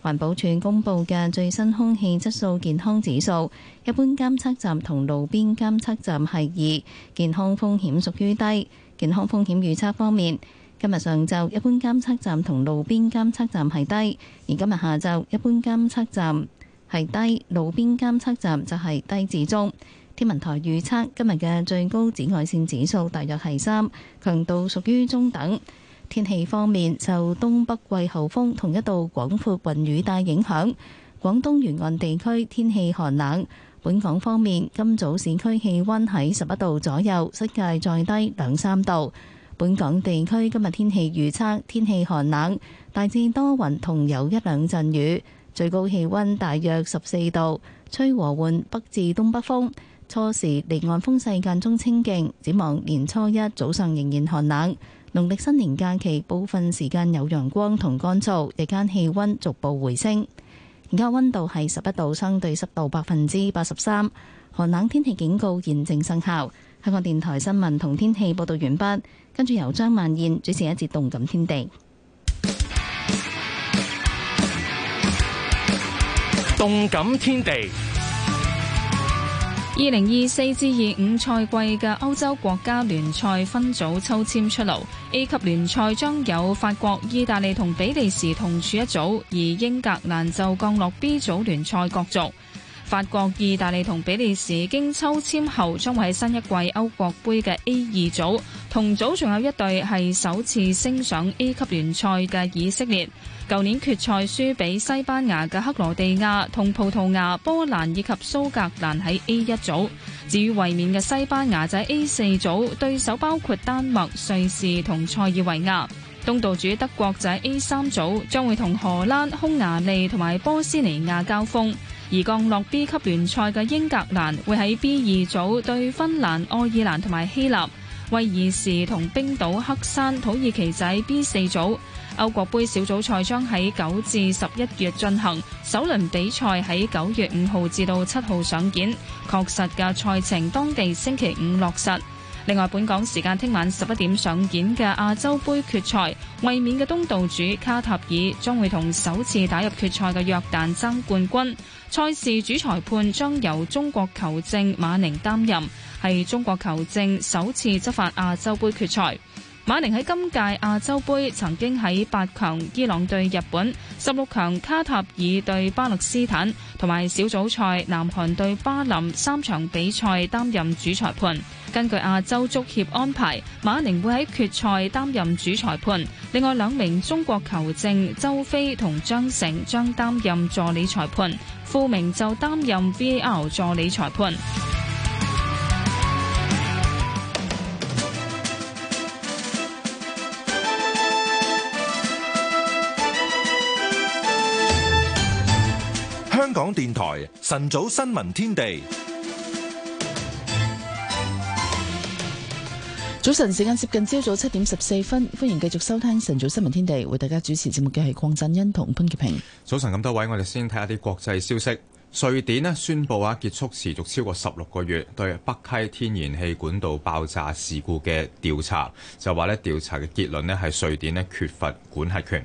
環保署公布嘅最新空氣質素健康指數，一般監測站同路邊監測站係二，健康風險屬於低。健康風險預測方面，今日上晝一般監測站同路邊監測站係低，而今日下晝一般監測站係低，路邊監測站就係低至中。天文台預測今日嘅最高紫外線指數大約係三，強度屬於中等。天氣方面，受東北季候風同一道廣闊雲雨帶影響，廣東沿岸地區天氣寒冷。本港方面，今早市區氣溫喺十一度左右，新界再低兩三度。本港地區今日天氣預測，天氣寒冷，大致多雲同有一兩陣雨，最高氣溫大約十四度，吹和緩北至東北風。初時離岸風勢間中清勁，展望年初一早上仍然寒冷。農曆新年假期部分時間有陽光同乾燥，日間氣溫逐步回升。而家温度係十一度，相對濕度百分之八十三。寒冷天氣警告現正生效。香港電台新聞同天氣報道完畢。跟住由張萬燕主持一節動感天地。動感天地。二零二四至二五賽季嘅歐洲國家聯賽分組抽簽出爐，A 級聯賽將有法國、意大利同比利時同處一組，而英格蘭就降落 B 組聯賽角逐。法國、意大利同比利時經抽簽後，將會喺新一季歐國盃嘅 A 二組，同組仲有一隊係首次升上 A 級聯賽嘅以色列。舊年決賽輸俾西班牙嘅克羅地亞同葡萄牙、波蘭以及蘇格蘭喺 A 一組。至於衛冕嘅西班牙仔 A 四組，對手包括丹麥、瑞士同塞爾維亞。東道主德國仔 A 三組，將會同荷蘭、匈牙利同埋波斯尼亞交鋒。而降落 B 級聯賽嘅英格蘭會喺 B 二組對芬蘭、愛爾蘭同埋希臘。威爾士同冰島、黑山、土耳其仔 B 四組。歐國杯小組賽將喺九至十一月進行首輪月，首輪比賽喺九月五號至到七號上演，確實嘅賽程當地星期五落實。另外，本港時間聽晚十一點上演嘅亞洲杯決賽，衛冕嘅東道主卡塔爾將會同首次打入決賽嘅約旦爭冠軍。賽事主裁判將由中國球證馬寧擔任，係中國球證首次執法亞洲杯決賽。馬寧喺今屆亞洲盃曾經喺八強伊朗對日本、十六強卡塔爾對巴勒斯坦同埋小組賽南韓對巴林三場比賽擔任主裁判。根據亞洲足協安排，馬寧會喺決賽擔任主裁判。另外兩名中國球證周飛同張成將擔任助理裁判，傅明就擔任 VAR 助理裁判。香港電台晨早新聞天地，早晨時間接近朝早七點十四分，歡迎繼續收聽晨早新聞天地，為大家主持節目嘅係鄺振欣同潘潔平。早晨咁多位，我哋先睇下啲國際消息。瑞典宣布話結束持續超過十六個月對北溪天然氣管道爆炸事故嘅調查，就話調查嘅結論咧係瑞典缺乏管轄權。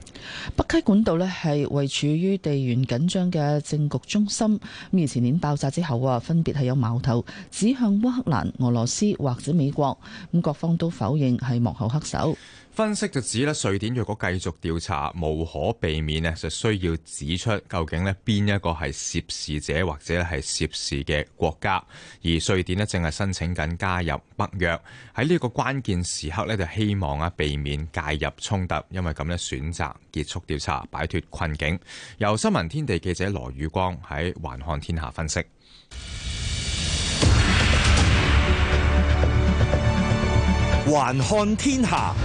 北溪管道咧係位處於地緣緊張嘅政局中心，咁而前年爆炸之後啊，分別係有矛頭指向烏克蘭、俄羅斯或者美國，咁各方都否認係幕後黑手。分析就指咧，瑞典若果繼續調查，無可避免咧就需要指出究竟咧邊一個係涉事者或者係涉事嘅國家。而瑞典咧正係申請緊加入北約，喺呢個關鍵時刻咧就希望啊避免介入衝突，因為咁咧選擇結束調查，擺脫困境。由新聞天地記者羅宇光喺環看天下分析，環看天下。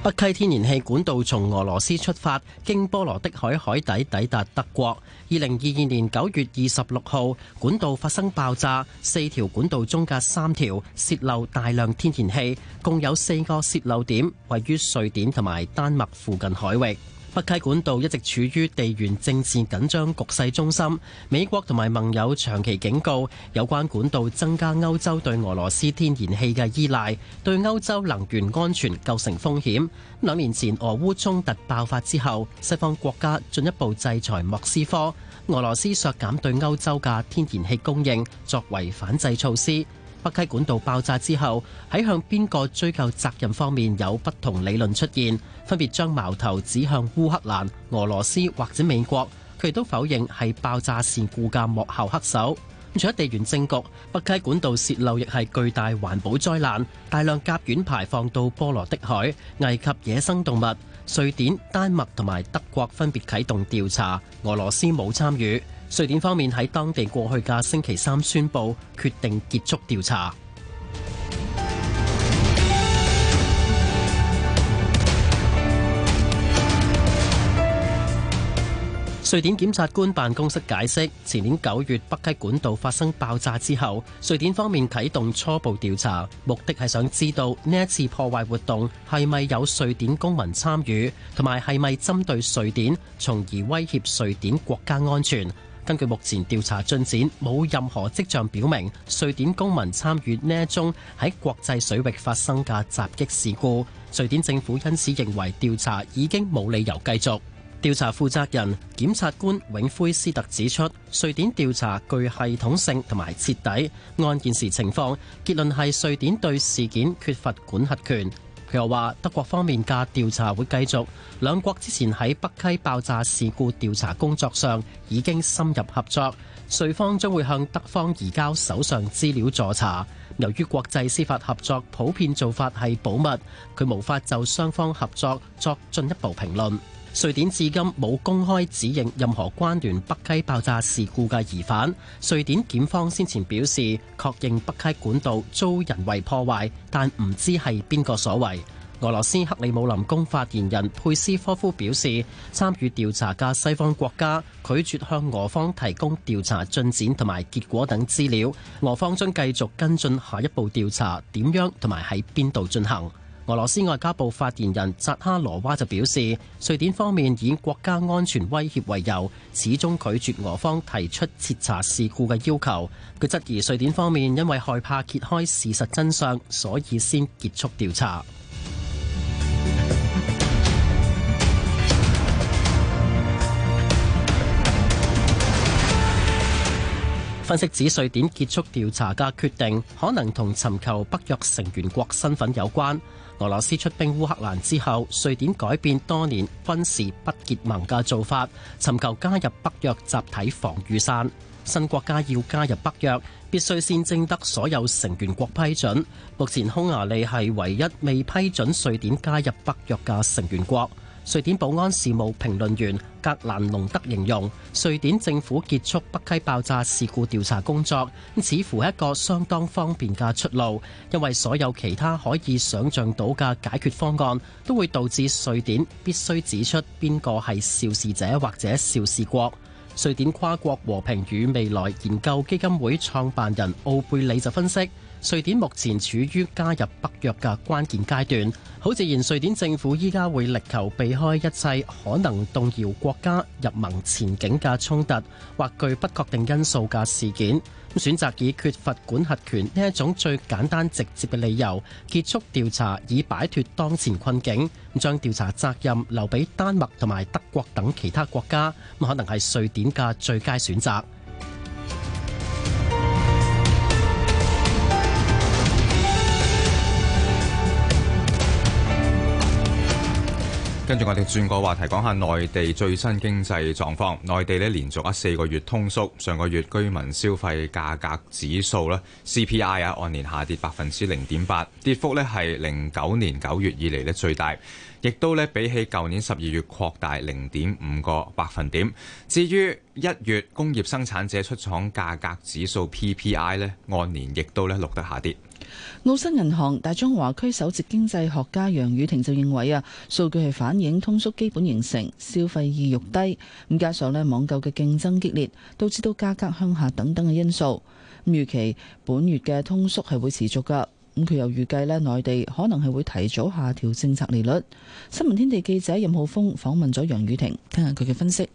北溪天然氣管道從俄羅斯出發，經波羅的海海底抵達德國。二零二二年九月二十六號，管道發生爆炸，四條管道中嘅三條洩漏大量天然氣，共有四個洩漏點，位於瑞典同埋丹麥附近海域。北溪管道一直處於地緣政治緊張局勢中心，美國同埋盟友長期警告有關管道增加歐洲對俄羅斯天然氣嘅依賴，對歐洲能源安全構成風險。兩年前俄烏衝突爆發之後，西方國家進一步制裁莫斯科，俄羅斯削減對歐洲嘅天然氣供應，作為反制措施。北溪管道爆炸之後，喺向邊個追究責任方面有不同理論出現，分別將矛頭指向烏克蘭、俄羅斯或者美國，佢亦都否認係爆炸事故嘅幕後黑手。除咗地緣政局，北溪管道泄漏亦係巨大環保災難，大量甲烷排放到波羅的海，危及野生動物。瑞典、丹麥同埋德國分別啟動調查，俄羅斯冇參與。瑞典方面喺當地過去嘅星期三宣布決定結束調查。瑞典檢察官辦公室解釋，前年九月北溪管道發生爆炸之後，瑞典方面啟動初步調查，目的係想知道呢一次破壞活動係咪有瑞典公民參與，同埋係咪針對瑞典，從而威脅瑞典國家安全。根據目前調查進展，冇任何跡象表明瑞典公民參與呢一宗喺國際水域發生嘅襲擊事故。瑞典政府因此認為調查已經冇理由繼續。調查負責人、檢察官永輝斯特指出，瑞典調查具系統性同埋徹底。按現時情況，結論係瑞典對事件缺乏管轄權。佢又話：德國方面嘅調查會繼續，兩國之前喺北溪爆炸事故調查工作上已經深入合作，瑞方將會向德方移交手上資料助查。由於國際司法合作普遍做法係保密，佢無法就雙方合作作進一步評論。瑞典至今冇公開指認任何關聯北溪爆炸事故嘅疑犯。瑞典檢方先前表示，確認北溪管道遭人為破壞，但唔知係邊個所為。俄羅斯克里姆林宮發言人佩斯科夫表示，參與調查嘅西方國家拒絕向俄方提供調查進展同埋結果等資料，俄方將繼續跟進下一步調查點樣同埋喺邊度進行。俄羅斯外交部發言人扎哈羅娃就表示，瑞典方面以國家安全威脅為由，始終拒絕俄方提出徹查事故嘅要求。佢質疑瑞典方面因為害怕揭開事實真相，所以先結束調查。分析指，瑞典結束調查嘅決定可能同尋求北約成員國身份有關。俄羅斯出兵烏克蘭之後，瑞典改變多年軍事不結盟嘅做法，尋求加入北約集體防禦傘。新國家要加入北約，必須先徵得所有成員國批准。目前匈牙利係唯一未批准瑞典加入北約嘅成員國。瑞典保安事務評論員格蘭隆德形容瑞典政府結束北溪爆炸事故調查工作，似乎是一個相當方便的出路，因為所有其他可以想象到的解決方案都會導致瑞典必須指出邊個係肇事者或者肇事國。瑞典跨國和平與未來研究基金會創辦人奧貝里就分析，瑞典目前處於加入北約嘅關鍵階段，好自然，瑞典政府依家會力求避開一切可能動搖國家入盟前景嘅衝突或具不確定因素嘅事件，選擇以缺乏管轄權呢一種最簡單直接嘅理由結束調查，以擺脫當前困境，將調查責任留俾丹麥同埋德國等其他國家，可能係瑞典嘅最佳選擇。跟住我哋轉個話題，講下內地最新經濟狀況。內地呢連續啊四個月通縮，上個月居民消費價格指數 CPI 啊，按年下跌百分之零點八，跌幅呢係零九年九月以嚟呢最大，亦都比起舊年十二月擴大零點五個百分點。至於一月工業生產者出廠價格指數 PPI 呢按年亦都呢錄得下跌。澳新銀行大中華區首席經濟學家楊宇婷就認為啊，數據係反映通縮基本形成，消費意欲低，咁加上咧網購嘅競爭激烈，導致到價格向下等等嘅因素，咁預期本月嘅通縮係會持續噶，咁佢又預計咧內地可能係會提早下調政策利率。新聞天地記者任浩峰訪問咗楊宇婷，聽下佢嘅分析。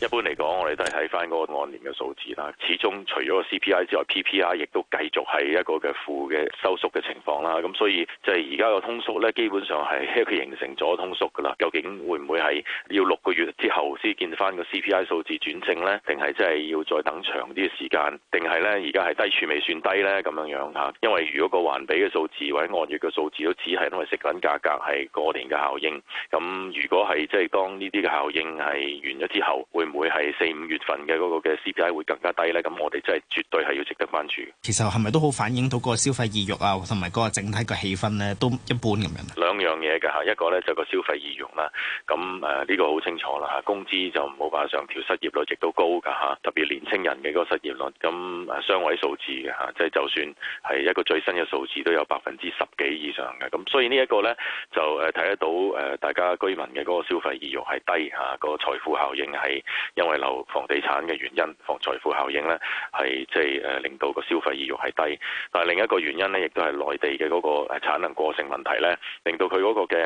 一般嚟講，我哋都係睇翻嗰個按年嘅數字啦。始終除咗個 CPI 之外，PPI 亦都繼續係一個嘅負嘅收縮嘅情況啦。咁所以，即係而家個通縮咧，基本上係一個形成咗通縮噶啦。究竟會唔會係要六個月之後先見翻個 CPI 數字轉正咧？定係真係要再等長啲嘅時間？定係咧而家係低處未算低咧咁樣樣嚇？因為如果個環比嘅數字或者按月嘅數字都只係因為食品價格係過年嘅效應。咁如果係即係當呢啲嘅效應係完咗之後，會會係四五月份嘅嗰個嘅 CPI 會更加低呢。咁我哋真係絕對係要值得關注。其實係咪都好反映到個消費意欲啊，同埋個整體個氣氛呢都一般咁樣。兩樣嘢㗎嚇，一個呢就個消費意欲啦。咁誒呢個好清楚啦嚇，工資就冇辦法上調，失業率亦都高㗎嚇。特別年青人嘅嗰個失業率，咁雙位數字嘅嚇，即係就算係一個最新嘅數字都有百分之十幾以上嘅。咁所以呢一個呢，就誒睇得到誒大家居民嘅嗰個消費意欲係低嚇，個財富效應係。因為樓房地產嘅原因，房財富效應呢係即係令到個消費意欲係低。但係另一個原因呢，亦都係內地嘅嗰個誒產能過剩問題呢，令到佢嗰個嘅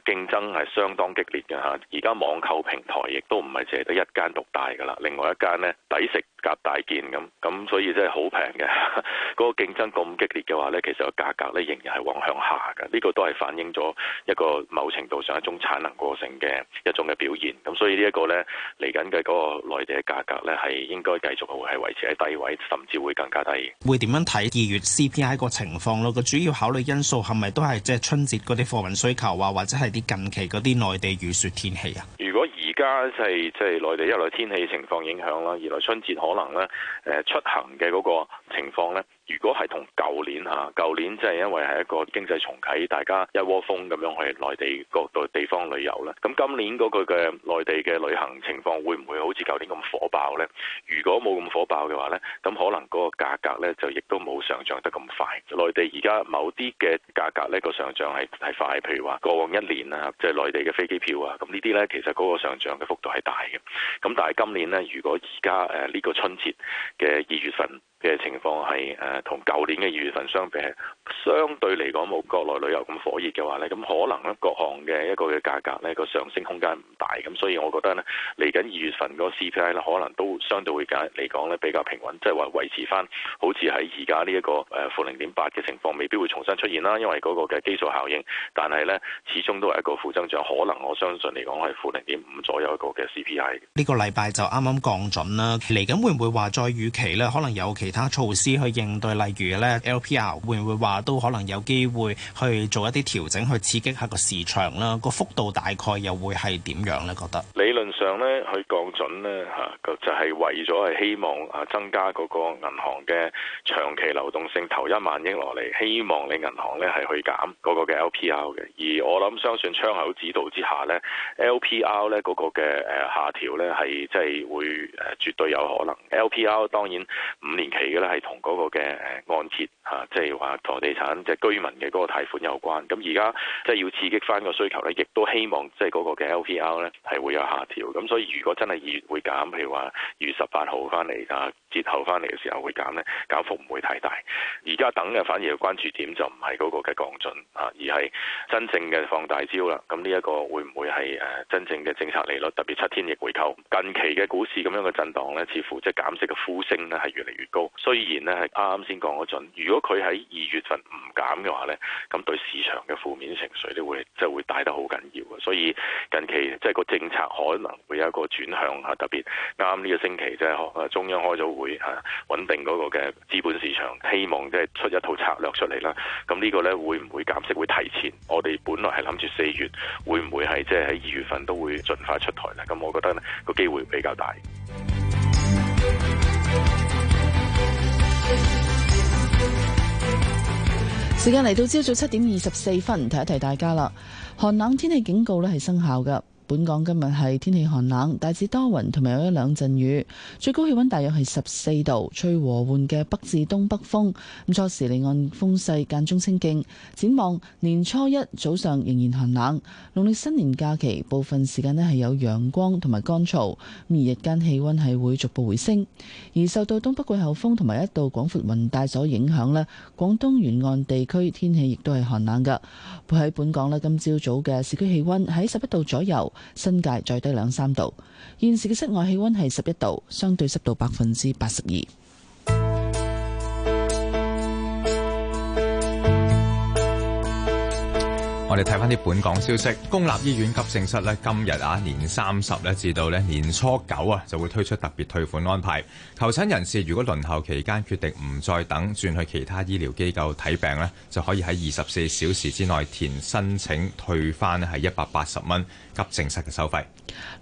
誒競爭係相當激烈嘅嚇。而家網購平台亦都唔係淨係得一間獨大㗎啦，另外一間呢抵食夾大件咁，咁所以真係好平嘅。嗰個競爭咁激烈嘅話呢，其實個價格呢仍然係往向下嘅。呢個都係反映咗一個某程度上一種產能過剩嘅一種嘅表現。咁所以呢一個呢，嚟緊嘅。嗰、那個內地嘅價格咧，係應該繼續會係維持喺低位，甚至會更加低。會點樣睇二月 CPI 個情況咯？個主要考慮因素係咪都係即係春節嗰啲貨運需求啊，或者係啲近期嗰啲內地雨雪天氣啊？如果而家就係即係內地一來天氣情況影響啦，二來春節可能咧誒出行嘅嗰個情況咧。如果係同舊年嚇，舊年即係因為係一個經濟重啟，大家一窩蜂咁樣去內地各度地方旅遊啦。咁今年嗰個嘅內地嘅旅行情況會唔會好似舊年咁火爆呢？如果冇咁火爆嘅話呢，咁可能嗰個價格呢就亦都冇上漲得咁快。內地而家某啲嘅價格呢個上漲係係快，譬如話過往一年啊，即係內地嘅飛機票啊，咁呢啲呢，其實嗰個上漲嘅幅度係大嘅。咁但係今年呢，如果而家誒呢個春節嘅二月份，嘅情況係誒同舊年嘅二月份相比係相對嚟講冇國內旅遊咁火熱嘅話咧，咁可能咧各項嘅一個嘅價格咧個上升空間唔大，咁所以我覺得咧嚟緊二月份嗰個 CPI 咧可能都相對會解嚟講咧比較平穩，即係話維持翻好似喺而家呢一個誒負零點八嘅情況，未必會重新出現啦，因為嗰個嘅基數效應，但係咧始終都係一個負增長，可能我相信嚟講係負零點五左右一個嘅 CPI 的。呢個禮拜就啱啱降準啦，嚟緊會唔會話再預期咧？可能有其其他措施去應對，例如咧 LPR 會唔會話都可能有機會去做一啲調整，去刺激下個市場啦。個幅度大概又會係點樣咧？覺得理論上咧，去降準咧吓就係、是、為咗係希望啊增加嗰個銀行嘅長期流動性，投一萬億落嚟，希望你銀行咧係去減嗰個嘅 LPR 嘅。而我諗相信窗口指導之下咧，LPR 咧嗰個嘅誒下調咧係即係會誒絕對有可能。LPR 當然五年期嚟嘅咧，係同嗰個嘅誒按揭嚇，即係話房地產即係、就是、居民嘅嗰個貸款有關。咁而家即係要刺激翻個需求咧，亦都希望即係嗰個嘅 LPR 咧係會有下調。咁所以如果真係二月會減，譬如話二月十八號翻嚟啊。節後翻嚟嘅時候會減呢，減幅唔會太大。而家等嘅反而嘅關注點就唔係嗰個嘅降準啊，而係真正嘅放大招啦。咁呢一個會唔會係誒真正嘅政策利率，特別七天逆回購？近期嘅股市咁樣嘅震盪呢，似乎即係、就是、減息嘅呼聲呢係越嚟越高。雖然呢係啱啱先降咗準，如果佢喺二月份唔減嘅話呢，咁對市場嘅負面情緒呢會即係會帶得好緊要嘅。所以近期即係、就是、個政策可能會有一個轉向，特別啱呢個星期即係、就是、中央開咗。會吓穩定嗰個嘅資本市場，希望即係出一套策略出嚟啦。咁呢個呢，會唔會減息會提前？我哋本來係諗住四月，會唔會係即係喺二月份都會盡快出台啦？咁我覺得呢個機會比較大。時間嚟到朝早七點二十四分，提一提大家啦，寒冷天氣警告呢係生效㗎。本港今日係天氣寒冷，大致多雲，同埋有一兩陣雨。最高氣溫大約係十四度，吹和緩嘅北至東北風。咁初時離岸風勢間中清勁。展望，年初一早上仍然寒冷。農曆新年假期部分時間呢係有陽光同埋乾燥，而日間氣溫係會逐步回升。而受到東北季候風同埋一道廣闊雲帶所影響呢，廣東沿岸地區天氣亦都係寒冷噶。會喺本港呢今朝早嘅市區氣溫喺十一度左右。新界再低兩三度，現時嘅室外氣溫係十一度，相對濕度百分之八十二。我哋睇翻啲本港消息，公立醫院急症室呢，今日啊，年三十呢至到呢年初九啊，就會推出特別退款安排。求診人士如果輪候期間決定唔再等，轉去其他醫療機構睇病呢，就可以喺二十四小時之內填申請退翻，係一百八十蚊，急症室嘅收費。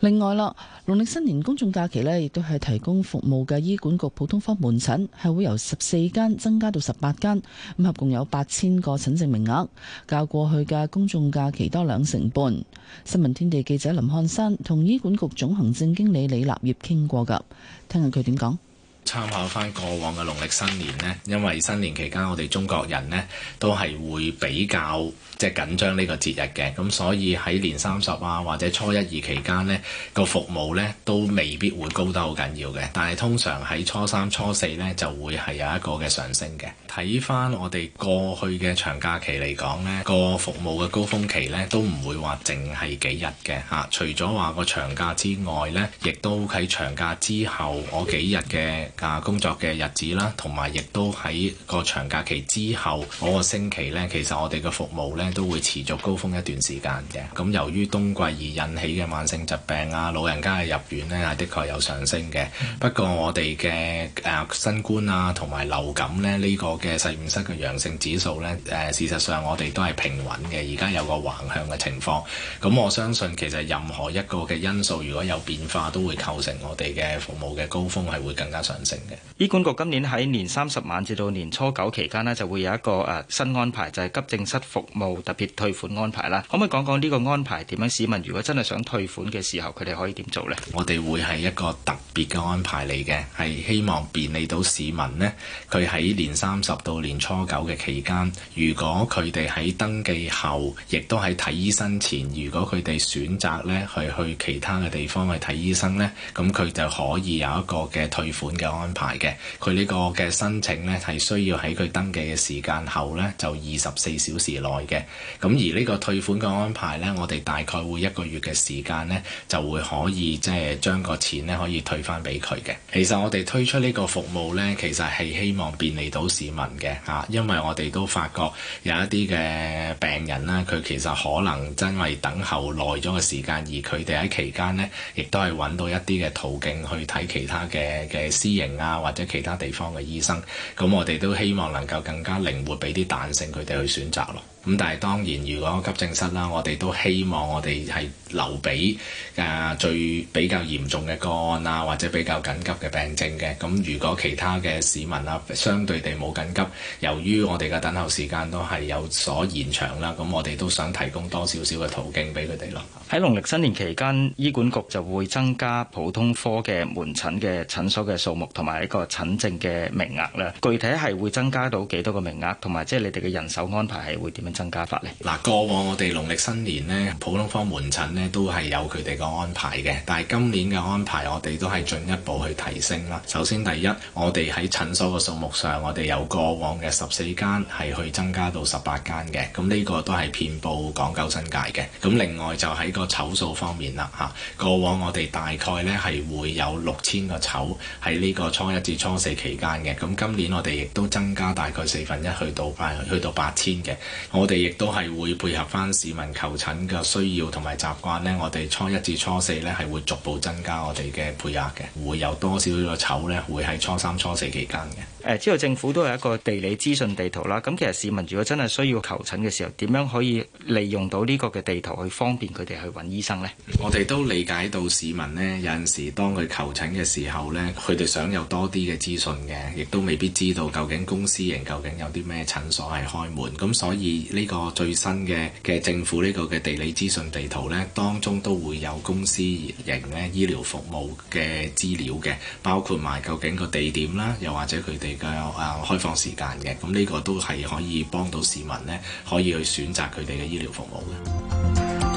另外啦，農曆新年公眾假期呢，亦都係提供服務嘅醫管局普通科門診係會由十四間增加到十八間，咁合共有八千個診症名額，較過去嘅公眾假期多兩成半。新聞天地記者林漢山同醫管局總行政經理李立業傾過噶，聽下佢點講。參考翻過往嘅農曆新年呢，因為新年期間我哋中國人呢，都係會比較。即係緊張呢個節日嘅，咁所以喺年三十啊或者初一二期間呢個服務呢都未必會高得好緊要嘅。但係通常喺初三、初四呢就會係有一個嘅上升嘅。睇翻我哋過去嘅長假期嚟講呢，個服務嘅高峰期呢都唔會話淨係幾日嘅嚇。除咗話個長假之外呢，亦都喺長假之後我幾日嘅、啊、工作嘅日子啦，同埋亦都喺個長假期之後嗰個星期呢，其實我哋嘅服務呢。都會持續高峰一段時間嘅。咁由於冬季而引起嘅慢性疾病啊，老人家嘅入院呢係的確有上升嘅。不過我哋嘅誒新冠啊，同埋流感呢，呢、呢個嘅實驗室嘅陽性指數呢，誒、呃，事實上我哋都係平穩嘅，而家有個橫向嘅情況。咁我相信其實任何一個嘅因素如果有變化，都會構成我哋嘅服務嘅高峰係會更加上升嘅。醫管局今年喺年三十晚至到年初九期間呢，就會有一個誒新安排，就係、係、急症室服務。特別退款安排啦，可唔可以講講呢個安排點樣？市民如果真係想退款嘅時候，佢哋可以點做呢？我哋會係一個特別嘅安排嚟嘅，係希望便利到市民呢。佢喺年三十到年初九嘅期間，如果佢哋喺登記後，亦都喺睇醫生前，如果佢哋選擇呢係去，去其他嘅地方去睇醫生呢，咁佢就可以有一個嘅退款嘅安排嘅。佢呢個嘅申請呢，係需要喺佢登記嘅時間後呢，就二十四小時內嘅。咁而呢個退款嘅安排呢，我哋大概會一個月嘅時間呢，就會可以即係將個錢呢可以退翻俾佢嘅。其實我哋推出呢個服務呢，其實係希望便利到市民嘅嚇，因為我哋都發覺有一啲嘅病人啦，佢其實可能真係等候耐咗嘅時間，而佢哋喺期間呢，亦都係揾到一啲嘅途徑去睇其他嘅嘅私營啊，或者其他地方嘅醫生。咁我哋都希望能夠更加靈活，俾啲彈性佢哋去選擇咯。咁但係當然，如果急症室啦，我哋都希望我哋係留俾誒最比較嚴重嘅個案啊，或者比較緊急嘅病症嘅。咁如果其他嘅市民啊，相對地冇緊急，由於我哋嘅等候時間都係有所延長啦，咁我哋都想提供多少少嘅途徑俾佢哋咯。喺農曆新年期間，醫管局就會增加普通科嘅門診嘅診所嘅數目同埋一個診症嘅名額啦。具體係會增加到幾多個名額，同埋即係你哋嘅人手安排係會點樣？增加法咧嗱，過往我哋農曆農曆新年呢，普通科門診呢都係有佢哋個安排嘅，但係今年嘅安排我哋都係進一步去提升啦。首先第一，我哋喺診所嘅數目上，我哋由過往嘅十四間係去增加到十八間嘅，咁呢個都係遍佈港九新界嘅。咁另外就喺個籌數方面啦嚇，過往我哋大概呢係會有六千個籌喺呢個初一至初四期間嘅，咁今年我哋亦都增加大概四分一去到八去到八千嘅，我。我哋亦都係會配合翻市民求診嘅需要同埋習慣呢，我哋初一至初四呢係會逐步增加我哋嘅配額嘅，會有多少嘅籌呢？會喺初三、初四期間嘅。誒知道政府都係一個地理資訊地圖啦，咁其實市民如果真係需要求診嘅時候，點樣可以利用到呢個嘅地圖去方便佢哋去揾醫生呢？我哋都理解到市民呢有陣時當佢求診嘅時候呢，佢哋想有多啲嘅資訊嘅，亦都未必知道究竟公私營究竟有啲咩診所係開門，咁所以呢個最新嘅嘅政府呢個嘅地理資訊地圖呢，當中都會有公私營呢醫療服務嘅資料嘅，包括埋究竟個地點啦，又或者佢哋，嘅誒開放時間嘅，咁呢個都係可以幫到市民咧，可以去選擇佢哋嘅醫療服務嘅。嘅。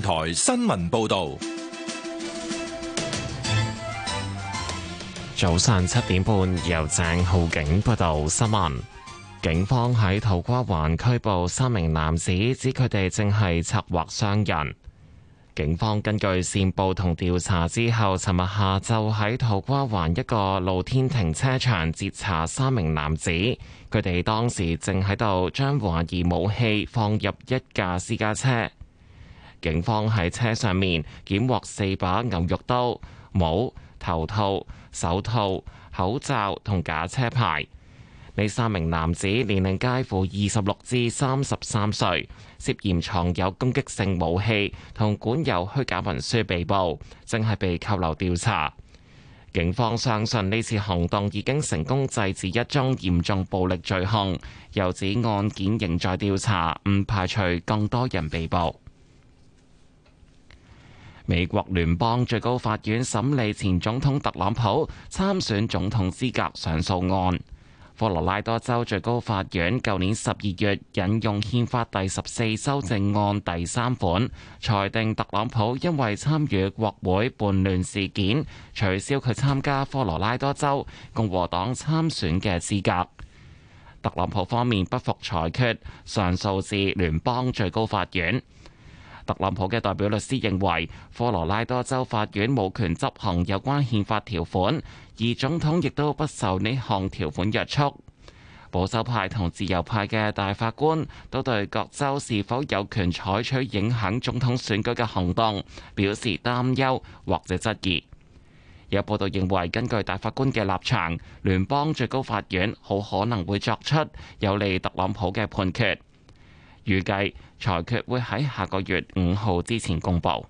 台新聞報道，早上七點半由鄭浩景報道新聞。警方喺土瓜灣拘捕三名男子，指佢哋正係策劃傷人。警方根據線報同調查之後，尋日下晝喺土瓜灣一個露天停車場截查三名男子，佢哋當時正喺度將懷疑武器放入一架私家車。警方喺車上面檢獲四把牛肉刀、帽、頭套、手套、口罩同假車牌。呢三名男子年齡介乎二十六至三十三歲，涉嫌藏有攻擊性武器同管有虛假文書被捕，正係被扣留調查。警方相信呢次行動已經成功制止一宗嚴重暴力罪行，又指案件仍在調查，唔排除更多人被捕。美國聯邦最高法院審理前總統特朗普參選總統資格上訴案。科羅拉多州最高法院舊年十二月引用憲法第十四修正案第三款，裁定特朗普因為參與國會叛亂事件，取消佢參加科羅拉多州共和黨參選嘅資格。特朗普方面不服裁決，上訴至聯邦最高法院。特朗普嘅代表律師認為，科羅拉多州法院冇權執行有關憲法條款，而總統亦都不受呢項條款約束。保守派同自由派嘅大法官都對各州是否有權採取影響總統選舉嘅行動表示擔憂或者質疑。有報道認為，根據大法官嘅立場，聯邦最高法院好可能會作出有利特朗普嘅判決。預計裁決會喺下個月五號之前公佈。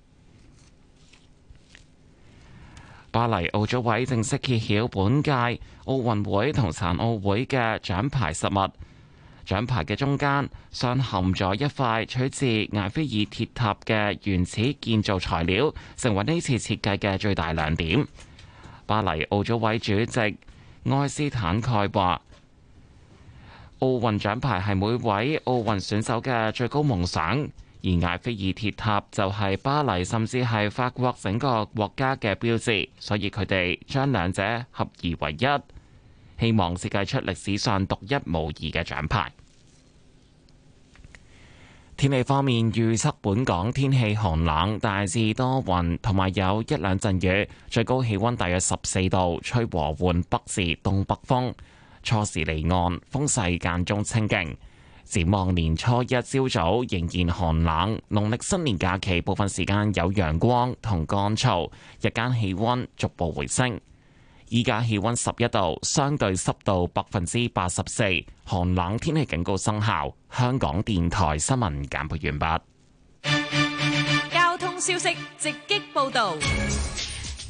巴黎奧組委正式揭曉本屆奧運會同殘奧會嘅獎牌實物。獎牌嘅中間鑲含咗一塊取自埃菲爾鐵塔嘅原始建造材料，成為呢次設計嘅最大亮點。巴黎奧組委主席埃斯坦蓋話。奧運獎牌係每位奧運選手嘅最高夢想，而艾菲爾鐵塔就係巴黎，甚至係法國整個國家嘅標誌，所以佢哋將兩者合二為一，希望設計出歷史上獨一無二嘅獎牌。天氣方面，預測本港天氣寒冷，大致多雲，同埋有，有一兩陣雨，最高氣溫大約十四度，吹和緩北至東北風。初時離岸，風勢間中清勁。展望，年初一朝早早仍然寒冷。農曆新年假期部分時間有陽光同乾燥，日間氣溫逐步回升。依家氣溫十一度，相對濕度百分之八十四，寒冷天氣警告生效。香港電台新聞簡報完畢。交通消息直擊報道。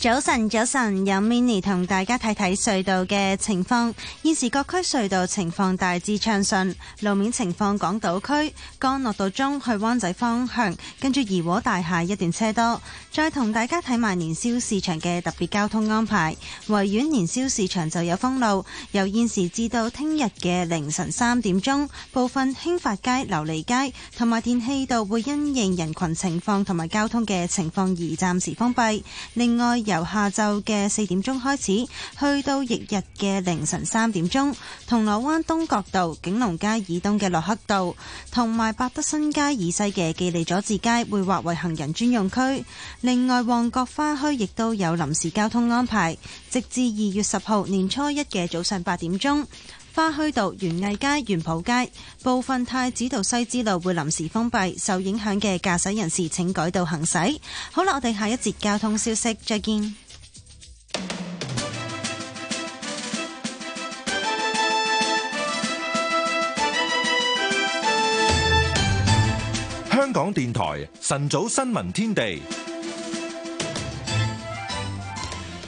早晨，早晨，有 Mini 同大家睇睇隧道嘅情況。現時各區隧道情況大致暢順，路面情況港島區干諾道中去灣仔方向，跟住怡和大廈一段車多。再同大家睇埋年宵市場嘅特別交通安排。維園年宵市場就有封路，由現時至到聽日嘅凌晨三點鐘，部分興發街、琉璃街同埋電氣道會因應人群情況同埋交通嘅情況而暫時封閉。另外，由下晝嘅四點鐘開始，去到翌日嘅凌晨三點鐘，銅鑼灣東角道、景隆街以東嘅洛克道，同埋百德新街以西嘅記利佐治街會劃為行人專用區。另外，旺角花墟亦都有臨時交通安排，直至二月十號年初一嘅早上八點鐘。花墟道、元藝街、元埔街部分太子道西支路會臨時封閉，受影響嘅駕駛人士請改道行駛。好啦，我哋下一節交通消息，再見。香港電台晨早新聞天地。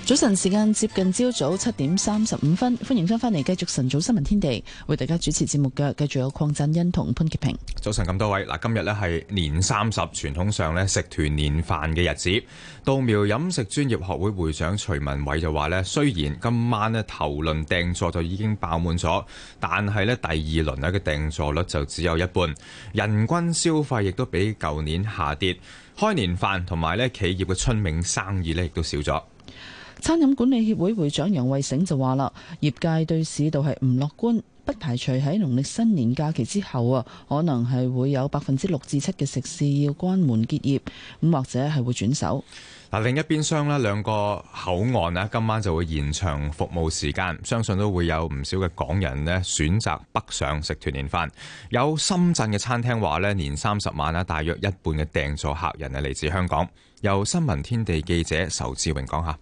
早晨時間接近朝早七點三十五分，歡迎翻翻嚟繼續晨早新聞天地，為大家主持節目嘅繼續有鄺振欣同潘潔平。早晨咁多位嗱，今日咧係年三十傳統上咧食團年飯嘅日子。稻苗飲食專業學會會長徐文偉就話咧，雖然今晚咧頭輪訂座就已經爆滿咗，但係咧第二輪啊嘅訂座率就只有一半，人均消費亦都比舊年下跌。開年飯同埋咧企業嘅春茗生意咧亦都少咗。餐飲管理協會會長楊衛醒就話啦，業界對市道係唔樂觀，不排除喺農曆新年假期之後啊，可能係會有百分之六至七嘅食肆要關門結業，咁或者係會轉手。嗱，另一邊廂咧，兩個口岸咧今晚就會延長服務時間，相信都會有唔少嘅港人咧選擇北上食團年飯。有深圳嘅餐廳話咧，年三十晚啊，大約一半嘅訂座客人啊嚟自香港。由新聞天地記者仇志榮講下。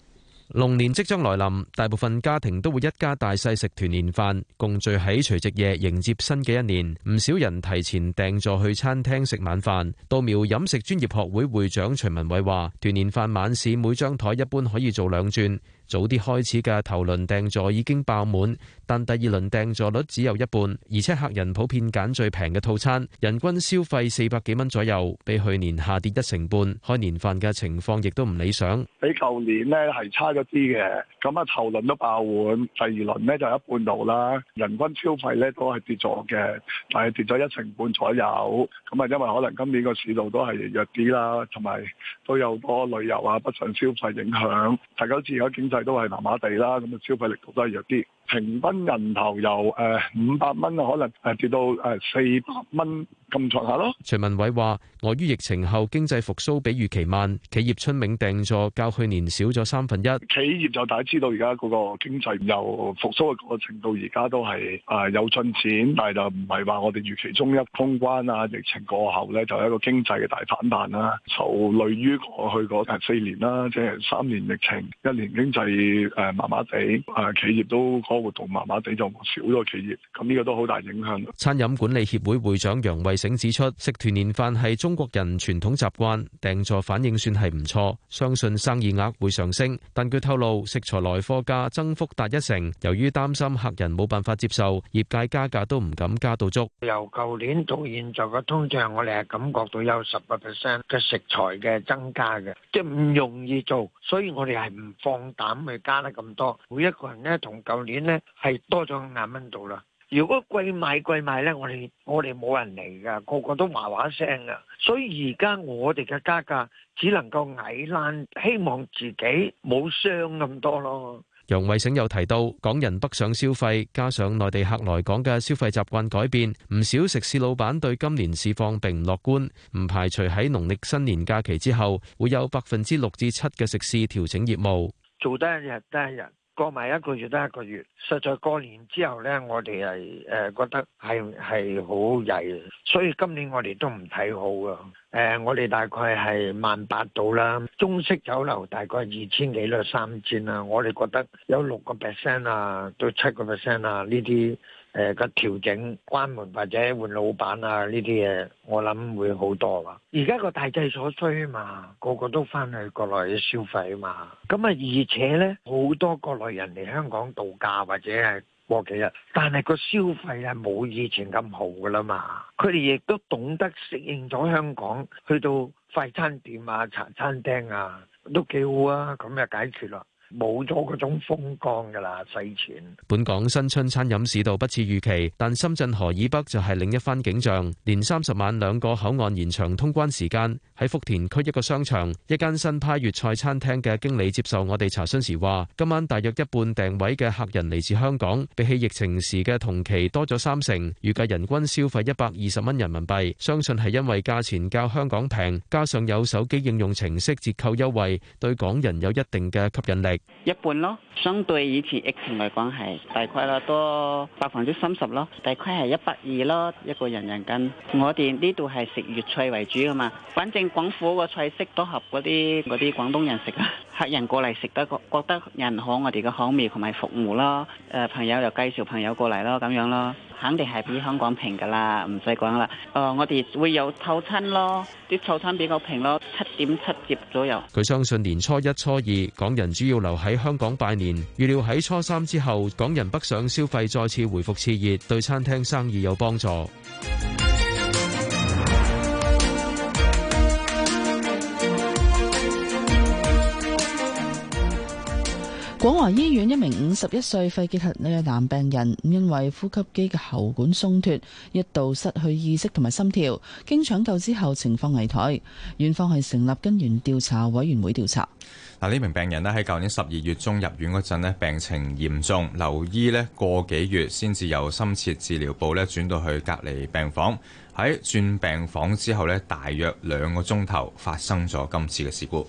龍年即將來臨，大部分家庭都會一家大細食團年飯，共聚喺除夕夜迎接新嘅一年。唔少人提前訂座去餐廳食晚飯。稻苗飲食專業學會會、會長徐文偉話，團年飯晚市每張台一般可以做兩轉，早啲開始嘅頭輪訂座已經爆滿。但第二輪訂座率只有一半，而且客人普遍揀最平嘅套餐，人均消費四百幾蚊左右，比去年下跌一成半。開年飯嘅情況亦都唔理想，比舊年呢係差咗啲嘅。咁啊，頭輪都爆滿，第二輪呢就一半度啦，人均消費呢都係跌咗嘅，但係跌咗一成半左右。咁啊，因為可能今年個市道都係弱啲啦，同埋都有多旅遊啊、北上消費影響，再加上而家經濟都係麻麻地啦，咁啊消費力度都係弱啲。平均人頭由誒五百蚊可能誒跌到誒四百蚊咁上下咯。徐文偉話，礙於疫情後經濟復甦比預期慢，企業春茗訂座較去年少咗三分一。企業就大家知道而家嗰個經濟由復甦嘅過個程度過程到，而家都係誒有進展，但係就唔係話我哋預期中一通關啊，疫情過後咧就一個經濟嘅大反彈啦、啊。就累於過去嗰四年啦、啊，即係三年疫情，一年經濟誒麻麻地，誒企業都、那個活動麻麻地就少咗企業，咁呢個都好大影響。餐飲管理協會會長楊衛醒指出，食團年飯係中國人傳統習慣，訂座反應算係唔錯，相信生意額會上升。但佢透露，食材來貨價增幅達一成，由於擔心客人冇辦法接受，業界加價都唔敢加到足。由舊年到現在嘅通脹，我哋係感覺到有十個 percent 嘅食材嘅增加嘅，即係唔容易做，所以我哋係唔放膽去加得咁多。每一個人呢，同舊年咧。係多咗五萬蚊度啦！如果貴買貴賣咧，我哋我哋冇人嚟噶，個個都話話聲噶。所以而家我哋嘅加價只能夠矮爛，希望自己冇傷咁多咯。楊偉醒又提到，港人北上消費，加上內地客來港嘅消費習慣改變，唔少食肆老闆對今年市況並唔樂觀，唔排除喺農曆新年假期之後會有百分之六至七嘅食肆調整業務，做得一日得一日。過埋一個月得一個月，實在過年之後呢，我哋係、呃、覺得係係好曳，所以今年我哋都唔睇好㗎、呃。我哋大概係萬八度啦，中式酒樓大概二千幾到三千啦，3, 000, 我哋覺得有六個 percent 啊，到七個 percent 啊，呢啲。誒、呃，個調整、關門或者換老闆啊，呢啲嘢我諗會好多啊。而家個大勢所趨嘛，個個都翻去國內消費啊嘛。咁啊，而且呢，好多國內人嚟香港度假或者係過幾日，但係個消費係冇以前咁好噶啦嘛。佢哋亦都懂得適應咗香港，去到快餐店啊、茶餐廳啊都幾好啊，咁就解決啦。冇咗嗰種風光㗎啦，洗錢。本港新春餐飲市道不似預期，但深圳河以北就係另一番景象。年三十晚兩個口岸延長通關時間，喺福田區一個商場，一間新派粵菜餐廳嘅經理接受我哋查詢時話，今晚大約一半訂位嘅客人嚟自香港，比起疫情時嘅同期多咗三成。預計人均消費一百二十蚊人民幣，相信係因為價錢較香港平，加上有手機應用程式折扣優惠，對港人有一定嘅吸引力。一半咯，相對以前疫情嚟講係大概啦多百分之三十咯，大概係一百二咯一個人人均。我哋呢度係食粵菜為主噶嘛，反正廣府個菜式都合嗰啲嗰啲廣東人食啊，客人過嚟食得覺得人好，我哋嘅口味同埋服務咯，誒朋友又介紹朋友過嚟咯，咁樣咯。肯定係比香港平噶啦，唔使講啦。誒，我哋會有套餐咯，啲套餐比較平咯，七點七折左右。佢相信年初一、初二，港人主要留喺香港拜年，預料喺初三之後，港人北上消費再次回復熾熱，對餐廳生意有幫助。廣華醫院一名五十一歲肺結核嘅男病人，因為呼吸機嘅喉管鬆脫，一度失去意識同埋心跳，經搶救之後情況危殆，院方係成立根源調查委員會調查。嗱，呢名病人咧，喺舊年十二月中入院嗰陣病情嚴重，留醫咧過幾月先至由深切治療部咧轉到去隔離病房。喺轉病房之後呢，大約兩個鐘頭發生咗今次嘅事故。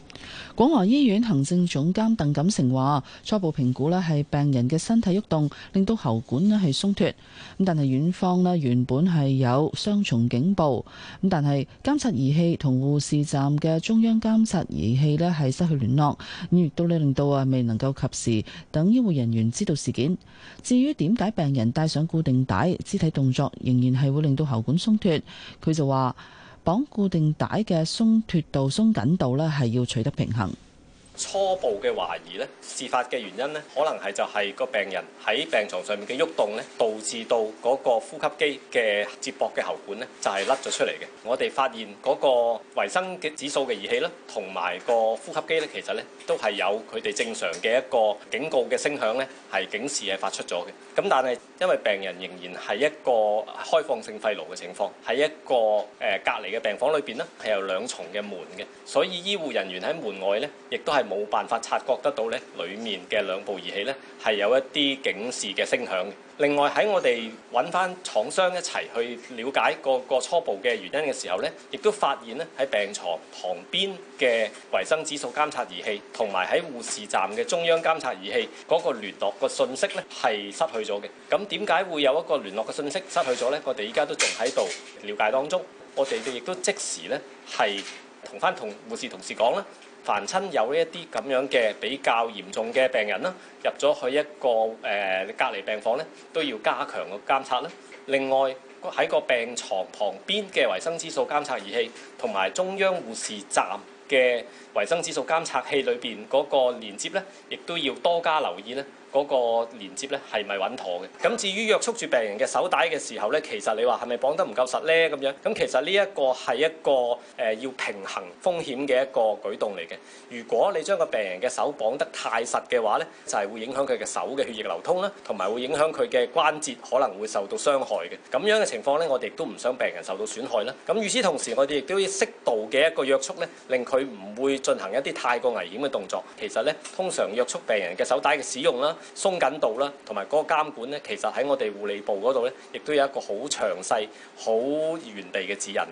廣華醫院行政總監鄧錦成話，初步評估呢係病人嘅身體喐動，令到喉管呢係鬆脫。咁但係院方呢原本係有雙重警報，咁但係監察儀器同護士站嘅中央監察儀器呢係失去聯絡，咁亦都令到啊未能夠及時等醫護人員知道事件。至於點解病人戴上固定帶，肢體動作仍然係會令到喉管鬆脫？佢就話綁固定帶嘅鬆脫度、鬆緊度呢係要取得平衡。初步嘅懷疑咧，事發嘅原因咧，可能係就係個病人喺病牀上面嘅喐動咧，導致到嗰個呼吸機嘅接駁嘅喉管咧，就係甩咗出嚟嘅。我哋發現嗰個維生嘅指數嘅儀器咧，同埋個呼吸機咧，其實咧都係有佢哋正常嘅一個警告嘅聲響咧，係警示係發出咗嘅。咁但係因為病人仍然係一個開放性肺癆嘅情況，喺一個誒隔離嘅病房裏邊咧，係有兩重嘅門嘅，所以醫護人員喺門外咧，亦都係。冇辦法察覺得到咧，裡面嘅兩部儀器咧，係有一啲警示嘅聲響。另外喺我哋揾翻廠商一齊去了解個個初步嘅原因嘅時候咧，亦都發現咧，喺病床旁邊嘅維生指數監察儀器，同埋喺護士站嘅中央監察儀器嗰個聯絡嘅信息咧，係失去咗嘅。咁點解會有一個聯絡嘅信息失去咗咧？我哋依家都仲喺度了解當中，我哋亦都即時咧，係同翻同護士同事講啦。凡親有一啲咁樣嘅比較嚴重嘅病人啦，入咗去一個誒、呃、隔離病房咧，都要加強個監測啦。另外喺個病床旁邊嘅維生指數監測儀器，同埋中央護士站嘅維生指數監測器裏邊嗰個連接咧，亦都要多加留意咧。嗰個連接咧係咪穩妥嘅？咁至於約束住病人嘅手帶嘅時候呢，其實你話係咪綁得唔夠實呢？咁樣咁其實呢一個係一個誒要平衡風險嘅一個舉動嚟嘅。如果你將個病人嘅手綁得太實嘅話呢，就係會影響佢嘅手嘅血液流通啦，同埋會影響佢嘅關節可能會受到傷害嘅。咁樣嘅情況呢，我哋亦都唔想病人受到損害啦。咁與此同時，我哋亦都要適度嘅一個約束呢，令佢唔會進行一啲太過危險嘅動作。其實呢，通常約束病人嘅手帶嘅使用啦，鬆緊度啦，同埋嗰個監管呢，其實喺我哋護理部嗰度呢，亦都有一個好詳細、好嚴謹嘅指引嘅。